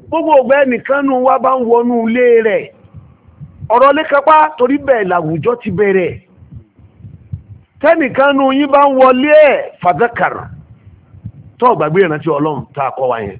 gbogbo ọgbẹ́ nìkan nù wá bá ń wọnú ilé rẹ̀ ọ̀rọ̀ lékápá torí bẹ́ẹ̀ làwùjọ ti bẹ̀rẹ̀ tẹ́nìkan nù yín bá ń wọlé ẹ̀ fàdákàrà tó ìrántí ọlọ́run tá a kọ́ wa yẹn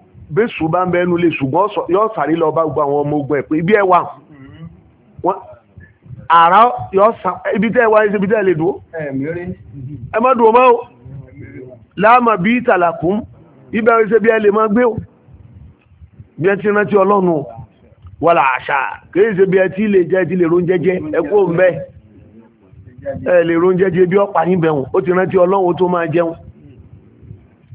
bẹ́sù bá ń bẹ́nu lè ṣùgbọ́n yóò sáré lọ bá gbogbo àwọn ọmọ ogun ẹ̀ pé ibi ẹ̀ wà wọ́n àrà yóò sá ibi tẹ́ ẹ̀ wá ibi tẹ́ ẹ̀ lè dúró ẹ má dùn mọ́ o láàmà bíi tàlàkùn ibẹ̀ ẹ̀ ṣe bí ẹ lè má gbé o bí ẹ ti rántí ọlọ́run o wàlà àṣà kìí ṣe bí ẹ ti lè jẹ ti lè rón jẹjẹ ẹ kó ń bẹ ẹ lè rón jẹjẹ bí ọ̀pá yín bẹ̀ wọ́n ó ti rántí ọlọ́run tó máa jẹun.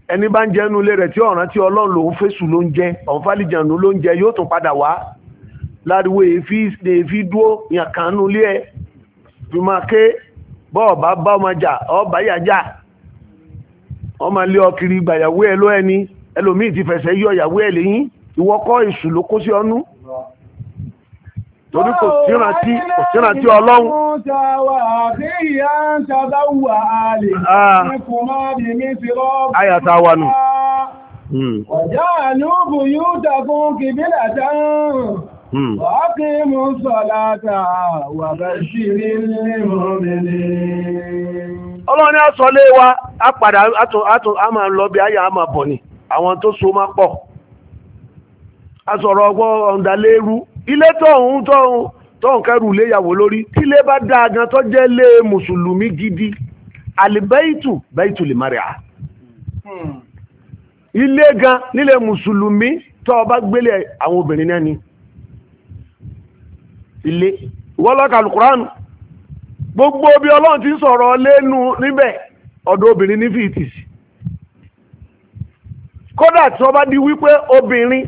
ẹni bá ń jẹ inú ilé rẹ̀ tí ọ̀ràn tí ọlọ́run lòún fèsù ló ń jẹ ọ̀nfàlìjànù ló ń jẹ yóò tún padà wá láriwo èéfì dúró yàn kan nú ilé ẹ fi máa ké bá ọba ọmọ ilé ọkiri gbàyàwó ẹ lọ ẹni ẹlòmíì ti fẹsẹ̀ yọ ìyàwó ẹ lẹ́yìn ìwọ́kọ́ èṣù ló kó torí kò sírántí kò sírántí ọlọ́run. ayàtà ah. ya nù. Hmm. Hmm. ọjà àlùbù yóò dàkún kìbílà tán. وأقيموا hmm. ya ni ya wa, a padà a máa lọ bí ayà a máa bọ̀ ni, àwọn tó so máa pọ̀. A sọ̀rọ̀ ọgbọ́n ilé tóun tóun tóun kẹrù léyàwó lórí tílé bá dáa gan tó jẹ́ lé mùsùlùmí gidi àlìbẹ́ìtù bẹ́ìtù lè má rẹ̀ á ilé gan nílé mùsùlùmí tó o bá gbélé àwọn obìnrin náà ni ilé gbogbo bí ọlọ́run ti sọ̀rọ̀ lẹ́nu níbẹ̀ ọ̀dọ̀ obìnrin ní fìtì kódà wípé obìnrin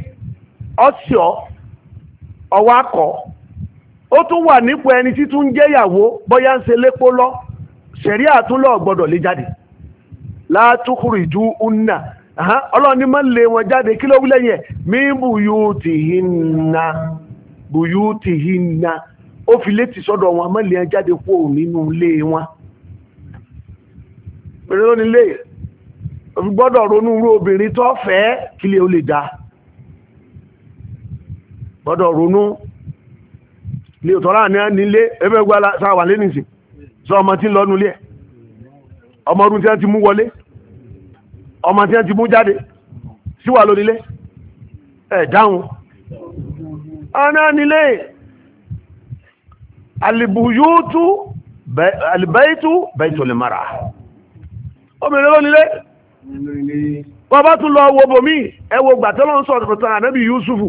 ọ̀sìn ọwọ́ akọ̀ ó tún wà nípò ẹni tí tún jẹ́yàwó bóyá ń ṣe lépo lọ ṣẹ̀rí àtúnlọ̀ gbọ́dọ̀ lé jáde látúkùrì ju una ọlọ́ni ní wọn jáde kí ló wí lẹ́yìn ẹ̀ mí buyutihinna buyutihinna ó fi létí sọ́dọ̀ wọn má lé wọn jáde nínú ilé wọn pẹ̀lú lónìí lè gbọ́dọ̀ ronú obìnrin tó fẹ́ kí lè gbọ́dọ̀ ronú ní òtọ́lá ní nílé ẹgbẹ́ gba sáwà lé nìsín sọ ọmọ tí ń lọ nulẹ̀ ọmọ ọdún tí wọ́n ti mú wọlé ọmọ tí wọ́n ti mú jáde síwà lónílé ẹ̀ dáhùn ọ̀nà nílé alìbùyútú alìbẹ́ẹ̀tú bẹ́ẹ̀tù lè mara obìnrin ló nílé wọ́n bá tún lọ wo bòmí ẹ wo gbàtọ́lọ́ ń Yusufu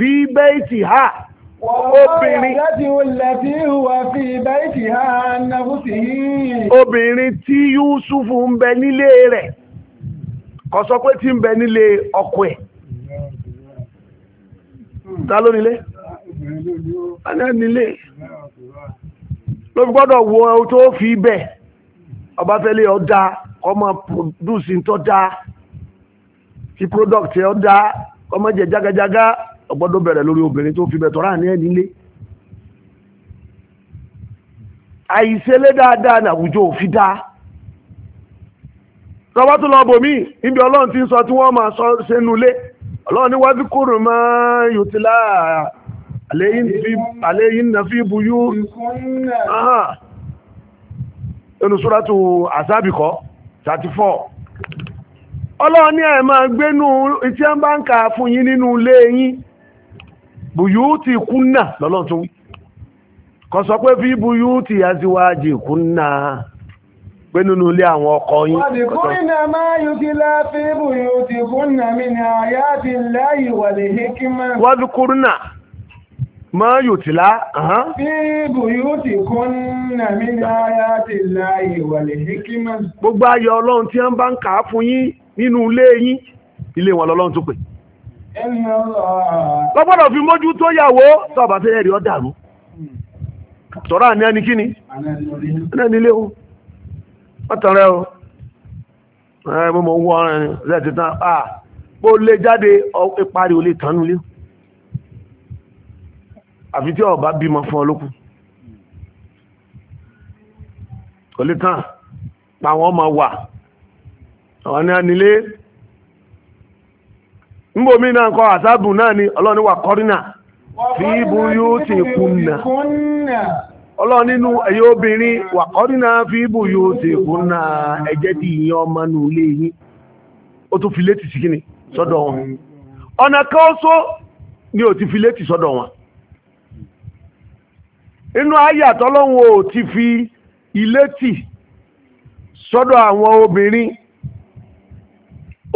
fi bẹ́ẹ̀tì ha obìnrin obìnrin tí Yúsùfù ń bẹ nílé rẹ̀ kò sọ pé tí ń bẹ nílé ọkọ ẹ̀ ta ló nílé ana nílé ló fi gbọ́dọ̀ wo ohun tó fi bẹ̀ ọbáfẹ́lẹ́ ọ̀dà ọmọ produce tó dáa ti product ọ̀dà ọmọ jẹ jágajágá. ọgbọ́dọ̀ bẹ̀rẹ̀ lórí obìnrin tó fi bẹ̀tọ̀ rà ní ẹ̀ nílé àìṣelé dáadáa ní àwùjọ ò fi dá tọba tó lọ bòmí ibi ọlọ́run ti ń sọ tí wọ́n máa sọ sínú ilé ọlọ́run ní wá bí kúrò máa yóò àléyìn na fi buyú ẹnu sóràtù àsábìkọ́ 34 ọlọ́run ẹ̀ máa gbénú ìtí ẹ̀ ń bá ń kà fún yín nínú ilé yín bùyúùtì kúnnà lọ́lọ́run tún k'ọ kò sọ pé fi bùyúùtì aziwájì pé nínú ilé àwọn ọkọ yín. Wàdìkúnnà máa yùtílá máa Gbogbo ayọ̀ ọlọ́run tí wọ́n bá ń kà fún yín nínú ilé ilé wọn lọ́lọ́run lọ́gbọ́dọ̀ fi mójú tó yàwó tọ́ọ̀bà tẹ́ ẹ̀rí ọ̀dàrú hmm. sọ̀rọ̀ àní ẹni kíni ẹni ilé o ọ̀tọ̀rẹ́ o ẹ mọ́ mọ́ wọ́ ọ̀rẹ́ lẹ́ẹ̀tì tán à pé ó lé jáde ìparí ò lè tánú lé àfi tí ọba bímọ fún ọlọ́kù kò lè tán pa àwọn ọmọ wà àwọn ní ẹni ilé mgbe mi na nkọ àsábù naanị ni fi ibu yóò ti kunna ọlọ́run nínú ẹ̀yọ́ obìnrin wà fi ibu yóò ti kunna ẹ̀jẹ̀ ti ọma lé tún fi létí wọn ọ̀nà ni o ti fi létí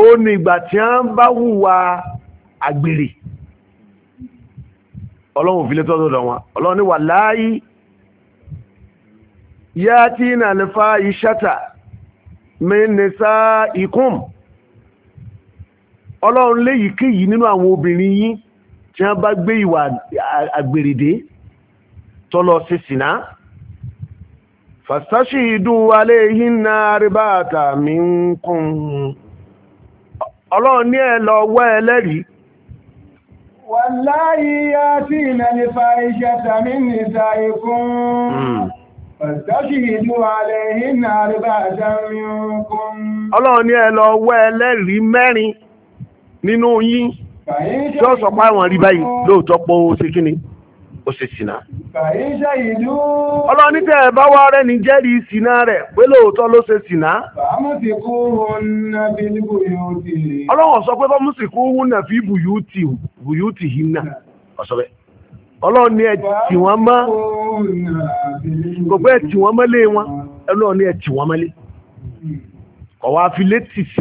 ó ní ìgbà tí a ń bá hùwà àgbèrè ọlọ́run fi lé tọ́jú ọ̀dọ̀ wọn ọlọ́run ní wà láàyè yá tí nà lè fa ìṣàtà mi ní sá ikùn ọlọ́run léyìí kéyìí nínú àwọn obìnrin yín tí wọ́n bá gbé ìwà àgbèrèdé tọ́lọ sí sínà fàṣáṣì mi ń kún un. ọlọ́run ní ẹ lọ wá ẹlẹ́rìí wàláyí yá sí ìlànà fàíṣẹ́ tàbí nìta ikún pẹ̀tọ́sì hmm. ìlú alẹ́ iná àríbà àjámiúnkún ọlọ́run ní ẹ lọ wá ẹlẹ́rìí mẹ́rin nínú yín yóò sọ pé ó ṣe ṣìnà. ọlọ́ni tẹ́ ẹ bá wá rẹ̀ ní jẹ́rìí ṣìnà rẹ̀ pé lóòótọ́ ló ṣe ṣìnà. ọlọ́wọ̀n sọ pé fọ́mù sì kú wúnà fi bùyúùtì hinna ọ̀sọ̀bẹ̀ ọlọ́ni ẹ tì wọ́n mọ́ gbogbo ẹ tì wọ́n mọ́lé wọn ọlọ́ni ẹ tì wọ́n mọ́lé ọ̀wá afilé tì sí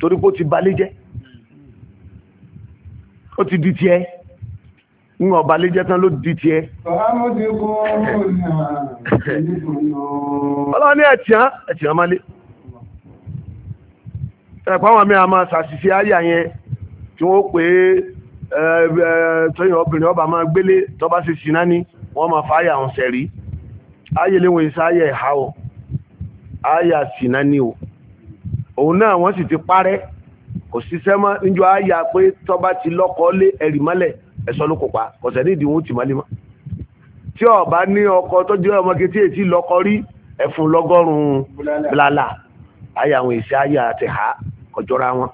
torí pé ó ti balẹ̀ jẹ́ ó ti di ń ọba lé jẹ́ ló di tiẹ̀. ọlọ́run ẹ̀tìyàn ẹ̀tìyàn máa lé ẹ̀pọ̀ àwọn mìíràn máa ṣàṣìṣe àyà yẹn tí wọ́n pè é tọ́yìn obìnrin ọba máa gbélé tọ́ba ṣe ṣìnà ni wọ́n máa fàáyà ọ̀hún sẹ̀rí ayé léwọ̀n iṣẹ́ ayé ẹ̀há o ayà ni o òun náà wọ́n sì ti parẹ́ kò mọ́ pé tọ́ba ti ẹ̀sọ́ ló ní ìdíwọ̀n tì máa ọba ní ọkọ tó jẹ́ ọmọ lọkọ rí ẹ̀fún lọ́gọ́rùn-ún blala ayé àwọn èsì ayé àti ha kọjọ́ra wọn.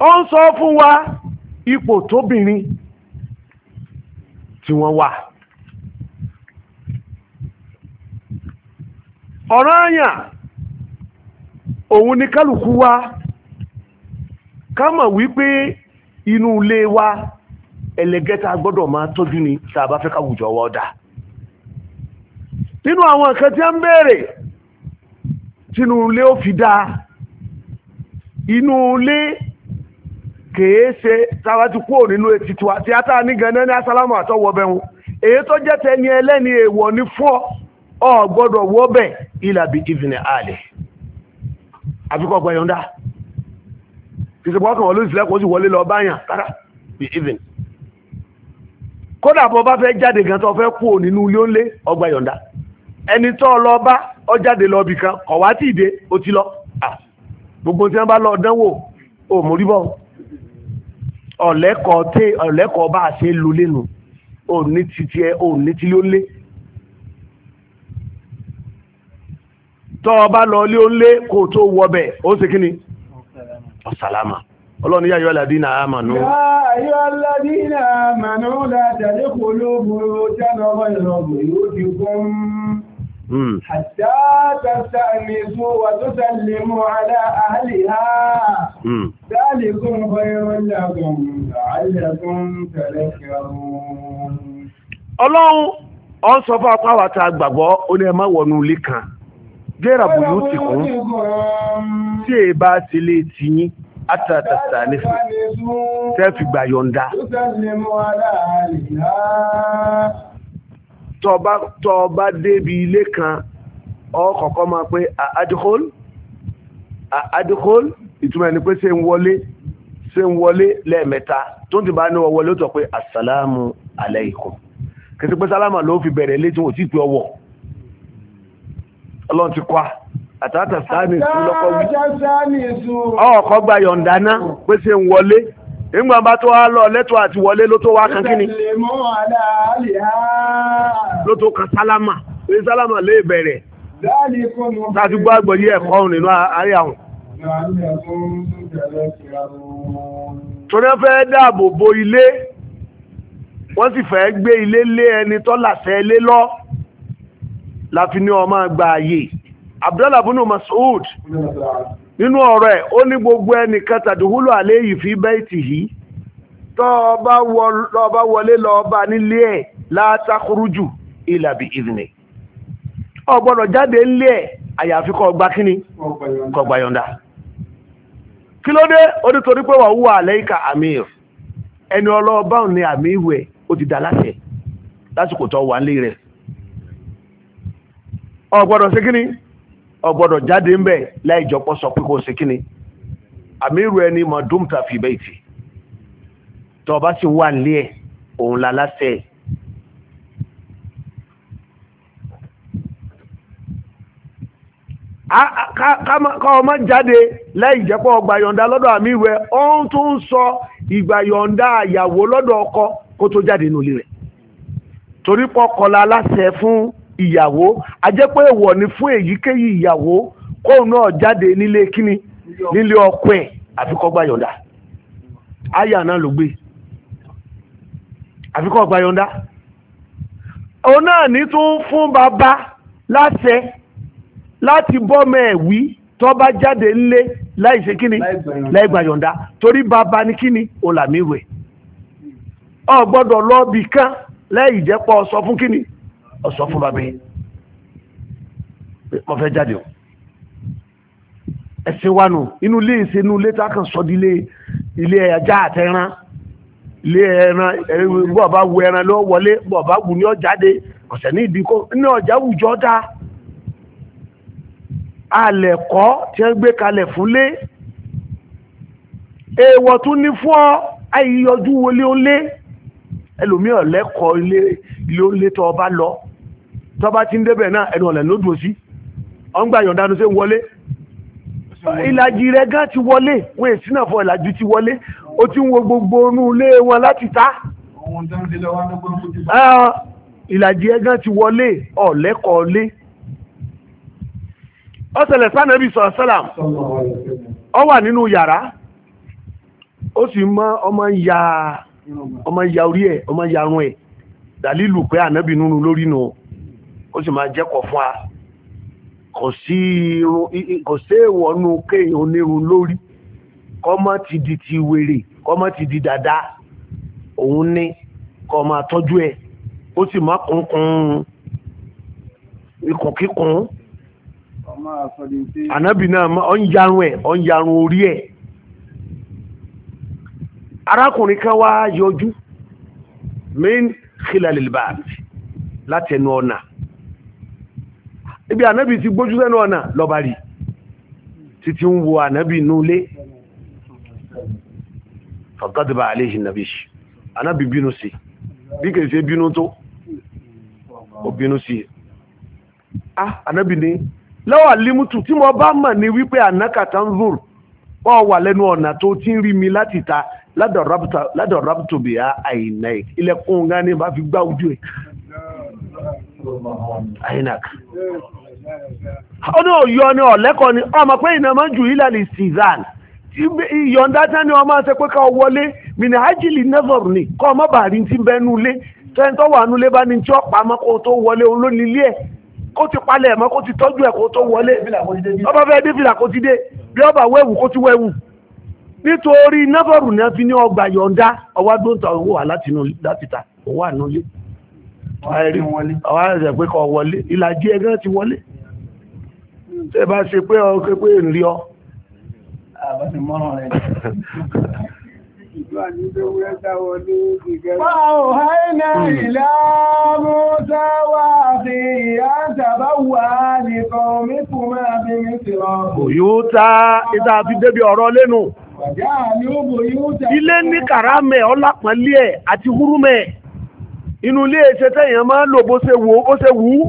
ó ń sọ fún wa ipò tóbìnrin tí wọ́n wà. ọ̀rọ̀ òun ni kálukú wa ká mọ̀ wípé inú ilé wa elegeta gbọ́dọ̀ máa tọ́jú ni tá fẹ́ káwùjọ nínú àwọn nǹkan tí a ń béèrè tínú ilé ó fi dáa inú ilé kèé ṣe táwa ti kúrò nínú etí tíátà ní ganan ní asálámù àtọwọ bẹ wọn èyí tó jẹ́ tẹni ẹlẹ́ni èèwọ̀ ní fún ọ wọbẹ ìsìnkú ọkàn olóòsì lẹ́kọ̀ọ́ sì wọlé lọ báyàn rárá bí even kódà bó bá fẹ́ jáde gan tó fẹ́ kú nínú ilé ńlé ọgbà yọ̀ǹda ẹni tó lọ bá ọ jáde lọ bìkan kọ̀ wá tí ìdè ó ti lọ gbogbo tí wọ́n bá lọ dánwò ò mórí bọ́ ọ̀lẹ́kọ̀ọ́ bá a ṣe lu lẹ́nu ò ní titi ẹ ò ní tí ló lé tó o bá lọ lé ó lé kó tó wọ bẹ́ẹ̀ ó ṣe kí ni wasalama ọlọ́ni yáyọ́ aládínà àmànú yáyọ́ aládínà àmànú látàrí kò lóògbòrò jẹ́lọ́wọ́ ìrọ̀gbò yóò ti kún حتى تستأنسوا وتسلموا على أهلها ذلكم خير لكم لعلكم تذكرون Ọlọ́run ó hmm. hmm. sọ fún apá wa tá a gbàgbọ́ ó ní ẹ má wọnú ilé kan gẹ́rà bùyú ti kún tí èyí bá ti lè ti yín àtàtàtà nífẹ̀ tẹ́ fi gbà yọ̀ǹda tọ́ bá débi ilé kan ọkọ̀ọ̀kọ́ máa pé àádìkọ́l àádìkọ́l ìtumọ̀ ẹni pé ṣe ń wọlé ṣe ń wọlé lẹ́ẹ̀mẹ́ta tó ń ti bá ní wọ́n wọlé pé àsàlámù aláìkùm kìí pé ló fi bẹ̀rẹ̀ létí wọn ò tí ọwọ́ ọlọ́run ti kwa àtàtà sáàmì ìsú lọ́kọ́ wí ọkọ̀ gba yọ̀ǹda náà pé ṣe ń wọlé nígbà bá tó wá lọ lẹ́tọ̀ àti wọlé ló tó wá kan kí ni ló tó kan sálámà ní sálámà lè bẹ̀rẹ̀ láti gbọ́ àgbọ̀yé ẹ̀kọ́ ọ̀hún nínú ayé àwọn torí wọ́n fẹ́ dáàbò bo ilé wọ́n sì fẹ́ gbé ilé lé ẹni tó làṣẹ ilé lọ láfi ní ọmọ gba ààyè abdullahi bunu masoud nínú ọ̀rọ̀ ẹ̀ ó ní gbogbo ẹnìkan tàdúhùlù àlẹ́ yìí fi bẹ́ẹ̀tì yìí tọ́ ọba wọlé lọ́ọ́ba nílé ẹ̀ látàkùrújù ìlàbí ìdìní ọgbọ́dọ̀ jáde nílé ẹ̀ àyàfi kọ́ gba kíni kọ́ gba yọ̀ǹda kí ló dé ó ní torí pé wà wúwo àlẹ́ amir ẹni ọlọ́ọ̀bá ò ní àmì ìwẹ̀ ó ti dá láṣẹ lásìkò tó wà nílé rẹ̀ ọgbọdọ sekini ọgbọdọ jáde ń bẹ̀ sọ pé kò ṣe kíni ẹni mọ̀ dúmta fi bẹ ìtì tọba wà òun la lásẹ̀ ká ọmọ jáde láì jẹ́pọ̀ ọgbà yọ̀ǹda lọ́dọ̀ àmì ẹ̀ ó tún sọ ìgbà yọ̀ǹda àyàwó lọ́dọ̀ ọkọ kó tó jáde rẹ̀ torí pọ̀ fún ìyàwó a jẹ́ ni fún èyíkéyìí ìyàwó kóun náà jáde nílé kíni nílé ọkọ ẹ̀ àfikọ́ yọ̀ǹda àyà náà ló gbé àfikọ́ yọ̀ǹda òun náà ní ń fún bàbá láṣẹ láti bọ́mọ ẹ̀ wí tó bá jáde nílé láì ṣe kíni láì yọ̀ǹda torí bàbá kíni sọ fún kíni ó sọ fún bàbá yìí mo fẹ́ jáde o ẹ̀sìn wa nù inú ilé ìṣe inú ilé tá a kàn sọ di ilé ilé ajá àtẹran ilé ẹran bọ́ọ̀ bá wu ẹran ló wọlé bọ́ọ̀ bá wù ní ó jáde ọ̀sẹ̀ ní ìdí kó ní ọjà wùjọ́ dá alẹ̀kọ́ tí wọ́n gbé kalẹ̀ fúnlé èèwọ̀ tún ní fún ọ àìyọjú wọlé ó lé. ẹlòmíràn lẹ́kọ̀ọ́ ilé ilé tó ọba lọ tó bá ti ń débẹ̀ náà ẹnu ọ̀lẹ̀ ló dùn sí ọ̀ngbà yọ̀ǹda ló ṣe wọlé ìlàjì rẹ̀ gán ti wọlé wọ́n èsì náà fọ ìlàjì ti wọlé ó ti ń wo gbogbo inú ilé wọn láti ta ah, ìlàjì rẹ̀ gán ti wọlé ọ̀lẹ́kọ̀ọ́ lé ọ̀sẹ̀lẹ̀ sánẹ́bí sọ̀rọ̀ sálàm ọ wà nínú yàrá ó sì mọ ọmọ ń ya ọmọ ya orí ẹ̀ ọmọ ya run ẹ̀ dàlílù pé ànábì nínú lórí nù ó sì máa jẹ́kọ̀ fún wa kò sí èèwọ̀ nù kéèyàn onírun lórí kọ́mọ́ ti di ti wèrè kọ́mọ́ ti di dàda òun ní kọ́ máa tọ́jú ẹ̀ ó sì má kúnkún ikùnkíkùn ànábì náà ọ̀ yarun ẹ̀ ọ̀ yarun orí ẹ̀ arákùnrin kan wá yọjú min khilalilbaat láti ẹnu ọ̀nà ibi ànábì ti gbójú sẹ́nu ọ̀nà lọ́ba rí títí ń wo ànábì nulẹ̀ fàgádùbà àléhìn nàbí ànábì bínú sí bí kìí ṣe bínú tó ó bínú sí ah ànábì ní lọ́wọ́ àlímútù tí mo bá mọ̀ ní wípé ànákàtà ń zùrù ọ wà lẹ́nu ọ̀nà tó ti ń rí mi láti ta ládọ̀ rábùtò bìí àìnà ilẹ̀kùn gan ni bá fi gbá ojú ẹ̀ INEC ọdún òyọ ni ọ̀lẹ́kọ̀ọ́ ni ọmọ pé iná máa ń jù ilẹ̀ lè cezanne ìyọ̀ǹda tán ni ọmọ ṣe pé ká wọlé mini hajjili never ni kọ́ ọmọ bàá rí ti bẹ́nu lé tẹ́ńtọ́ wà nulẹ̀ bá ní tí ó pa mọ́ kó tó wọlé olónílé ẹ̀ kó ti palẹ̀ mọ́ kó ti tọ́jú ẹ̀ kó tó wọlé ọba fẹ́ dé fìlà kó ti dé bí ọba wẹ́wù kó tún wẹ́wù nítorí náfọ̀rù náà fi ní ọgbà yọ̀ǹda ọwá tó owó wà láti ta owó ànúlé ọwá ẹ̀rẹ̀ pé kọ wọlé ìlàjì ẹgbẹ́ ti wọlé وأوهينا إلى موسى وأخيه أن تبوأ لقومكما بمصر بيوتا إذا في débi ọ̀rọ̀ lẹ́nu. Ilé ní kàrámẹ̀ ọlápọ̀nlé ẹ̀ àti húrúmẹ̀. Inú ilé ẹ̀ṣẹ́ tẹ̀yàn máa ń lò bó ṣe wù ó ṣe wù ú.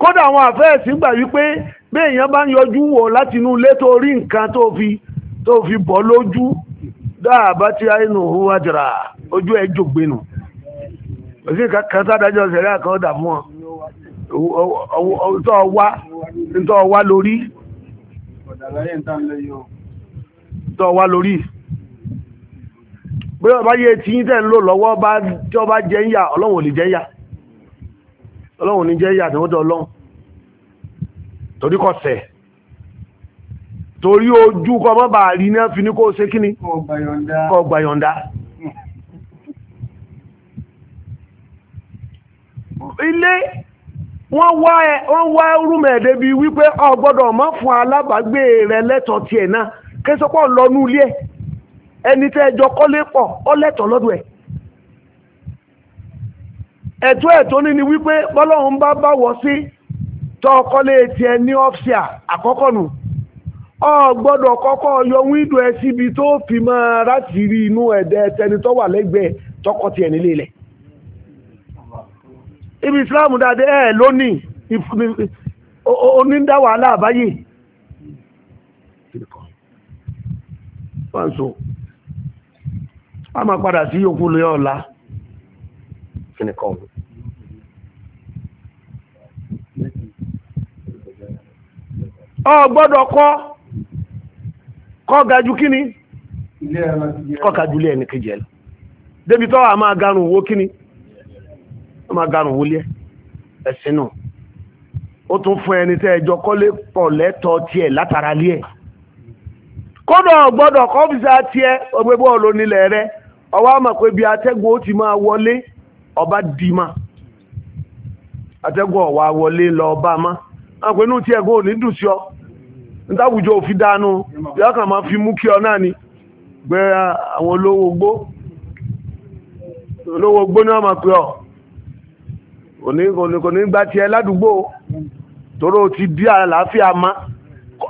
Kódà àwọn àfẹ́ẹ̀sì gbà wípé bí èèyàn bá ń yọjú wò láti inú ilé tó rí nǹkan tó fi tó fi bọ́ lójú dáàbá tí a inú wa jìrà ojú ẹ jògbénu òsì kankan sádájọ́ sẹ̀rí àkàn ọ̀dà fún ọ tó wá lórí tó wá lórí bí ọba yẹ tí yí tẹ́ ń lò lọ́wọ́ bá tí ọba jẹ́ ń yà ọlọ́wọ̀n lè jẹ́ yà ọlọ́wọ̀n ní jẹ́ yà tí wọ́n tẹ́ ọlọ́wọ̀n torí kọ̀ sẹ̀ torí ojú kọ mọ́ bàá rí náà fi ní kó ṣe kíni kó ilé wọ́n wá wípé ọ gbọ́dọ̀ fún alábàgbé rẹ lẹ́tọ̀ọ́ tiẹ̀ náà kẹsọ́pọ̀ lọ́nú ilé ẹni pọ̀ lọ́dọ̀ ẹ̀ ẹ̀tọ́ ẹ̀tọ́ ní ni wípé bọ́lọ́run bá bá wọ sí tọ́ ní ọ gbọdọ kọkọ yọ wíńdò ẹ síbi tó fi máa láti rí inú ẹ̀dẹ́ tẹni tó wà lẹ́gbẹ̀ẹ́ tọkọ tiẹ̀ nílé ilẹ̀ ibi Islam da ẹ̀ lónìí onídá wàhálà àbáyé abayi a máa padà sí yòókù ọ̀la ọ gbọ́dọ̀ kọ́ kọ́ ga ju kí ni kọ́ ka ju ilé ẹni kejì débi tọ́ a máa garun owó kí ni a máa garun owó lé ẹ̀sìn náà ó tún fún ẹni tẹ́ ẹjọ́ kọ́lé pọ̀ lẹ́tọ̀ tiẹ̀ látara lé ẹ̀ kódà gbọ́dọ̀ kọ́fíìsà tiẹ̀ ọgbẹ́gbọ́ rẹ ọwọ́ atẹ́gùn ó ti nítawùjọ òfin dánú yọ́kàn máa fi mú kí ọ náà ni pé àwọn olówó gbó olówó gbó ní ọmọ pé ọ kò ní gbá ládùúgbò tóró ti di àlàáfíà má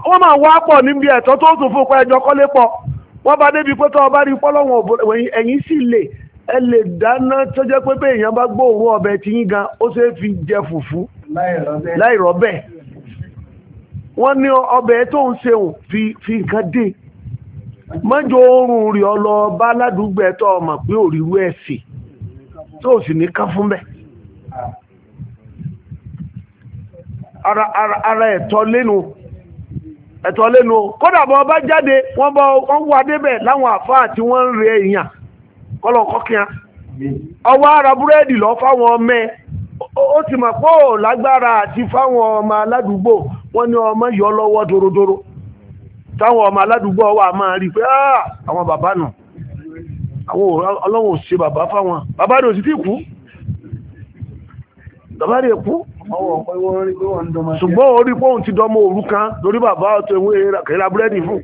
wọ́n máa wá pọ̀ níbi ẹ̀tọ́ tó tún fún ẹjọ́ kọ́lé pọ̀ wọ́n bá débi pé tọ́ rí ẹ̀yìn sì lè ẹ lè dáná tó jẹ́ wọ́n ní ọbẹ̀ tó ń sehùn fi nǹkan dé mọ́jọ oorun rí ọ lọ bá ládùúgbò ẹ̀tọ́ ọmọ pé òrìrú ẹ̀ sì tó sì ní ká fún bẹ́ẹ̀. ara ẹ̀tọ́ lẹ́nu ẹ̀tọ́ lẹ́nu o kódà bọ́ bá jáde wọ́n bọ́ wọ́n wá débẹ̀ láwọn àfáà tí wọ́n ń re èèyàn kọ́lọ̀ ọwọ́ ara búrẹ́dì lọ fáwọn ọmọ ẹ̀ ó ti mọ̀ pé ò lágbára àti fáwọn ọmọ aládùúgbò wọ́n ní ọmọ yọ lọ́wọ́ dorodoro táwọn ọmọ aládùúgbò wà máa rí pé ah, àwọn bàbá nù àwọn ọlọ́run ò ṣe bàbá fáwọn bàbá rẹ̀ ò sì ti kú bàbá rẹ̀ kú ṣùgbọ́n orí pọ́hùn ti dọmọ òru kan lórí bàbá ọ̀tọ̀ ìwé kẹrẹ́lá búrẹ́dì fún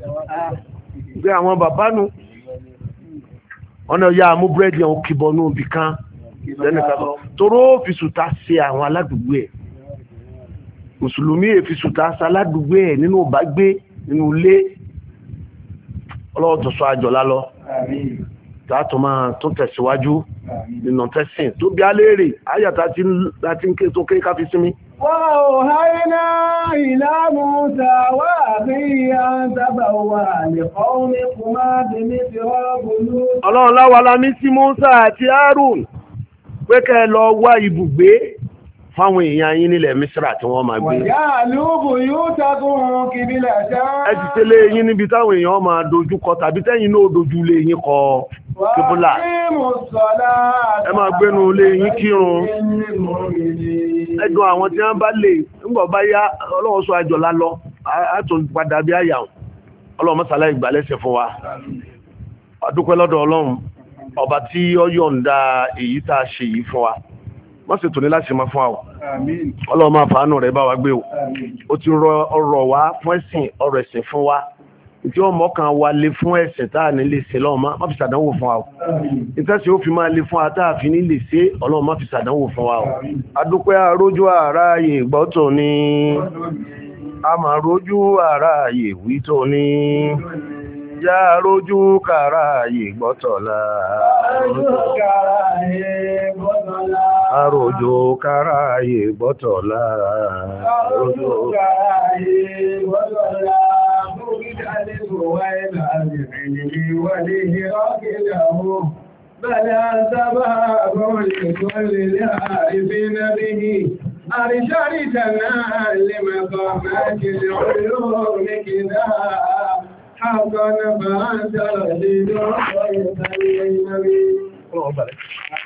pé àwọn bàbá nù ọ̀nà ya mú búrẹ́dì ọ̀hún kìbọnú kan lẹ́nìkankan toró fi sùtá ṣe àwọn aládùúgbò ẹ̀ mùsùlùmí èfi sùtá ṣe aládùúgbò ẹ̀ nínú ìbágbé nínú ilé ọlọ́wọ́ sọ àjọlá lọ tààtò máa tó tẹ̀síwájú nínú tẹ́sìn tó bí aléèrè ayàtà tí ń ké tó ké káfí sinmi. وأوهينا إلى موسى وأخيه أن تبوأ لقومكما بمصر بيوتا. Ọlọ́run láwa la mí pé kẹ́ ẹ lọ wá ibùgbé fáwọn èèyàn yín nílẹ̀ Misra tí wọ́n máa gbé. wàyà lóògùn yóò takùn kìbílẹ̀ ṣá. ẹ ti tẹ́lẹ̀ yín níbi táwọn èèyàn máa dojú kọ tàbí tẹ́yìn náà dojú lé yín kọ kíbúlà. ẹ máa gbénu lé yín kírun. ẹ̀dùn àwọn tí wọ́n bá lè ńgbọ̀ bá yá ọlọ́wọ́ sọ àjọlá lọ àtún padà bí àyà ọlọ́wọ́ mọ́sálá ìgbàlẹ́sẹ̀ fún wa. a lọ́dọ̀ Ọlọ́run ọba tí ó yọ̀ǹda èyí tá a ṣe yìí fún wa wọ́n sì tò láti máa fún wa o ọlọ́run máa fàánù rẹ̀ bá wa gbé o ó ti rọ ọrọ̀ wa fún ẹ̀sìn ọrọ̀ ẹ̀sìn fún wa tí wọ́n mọ̀ọ́kàn wa lè fún ẹ̀sìn tá a ní lè ṣe lọ́wọ́ má fi ṣàdánwò fún wa o ìtẹ́sí ó fi máa lè fún wa tá a fi ní lè ṣe ọlọ́run má fi ṣàdánwò fún wa o adúpẹ́ arójú àráyè gbọ́tọ̀ ni a máa rójú àráyè wí tó ìjà rojú kàrà yìí gbọ́tọ̀lá. Àròjò kàrà yìí gbọ́tọ̀lá. Àròjò kàrà yìí gbọ́tọ̀lá. Àròjò kàrà yìí gbọ́tọ̀lá. Bókítà ní kò wáyé láàrin ìrìnlẹ̀ ìwádìí ìrọ́kẹ̀ ìyàwó. فلا تباغوا لكل عارفين به أرشرتنا لمقامات العلوم حقا بعد الهدى ويسلم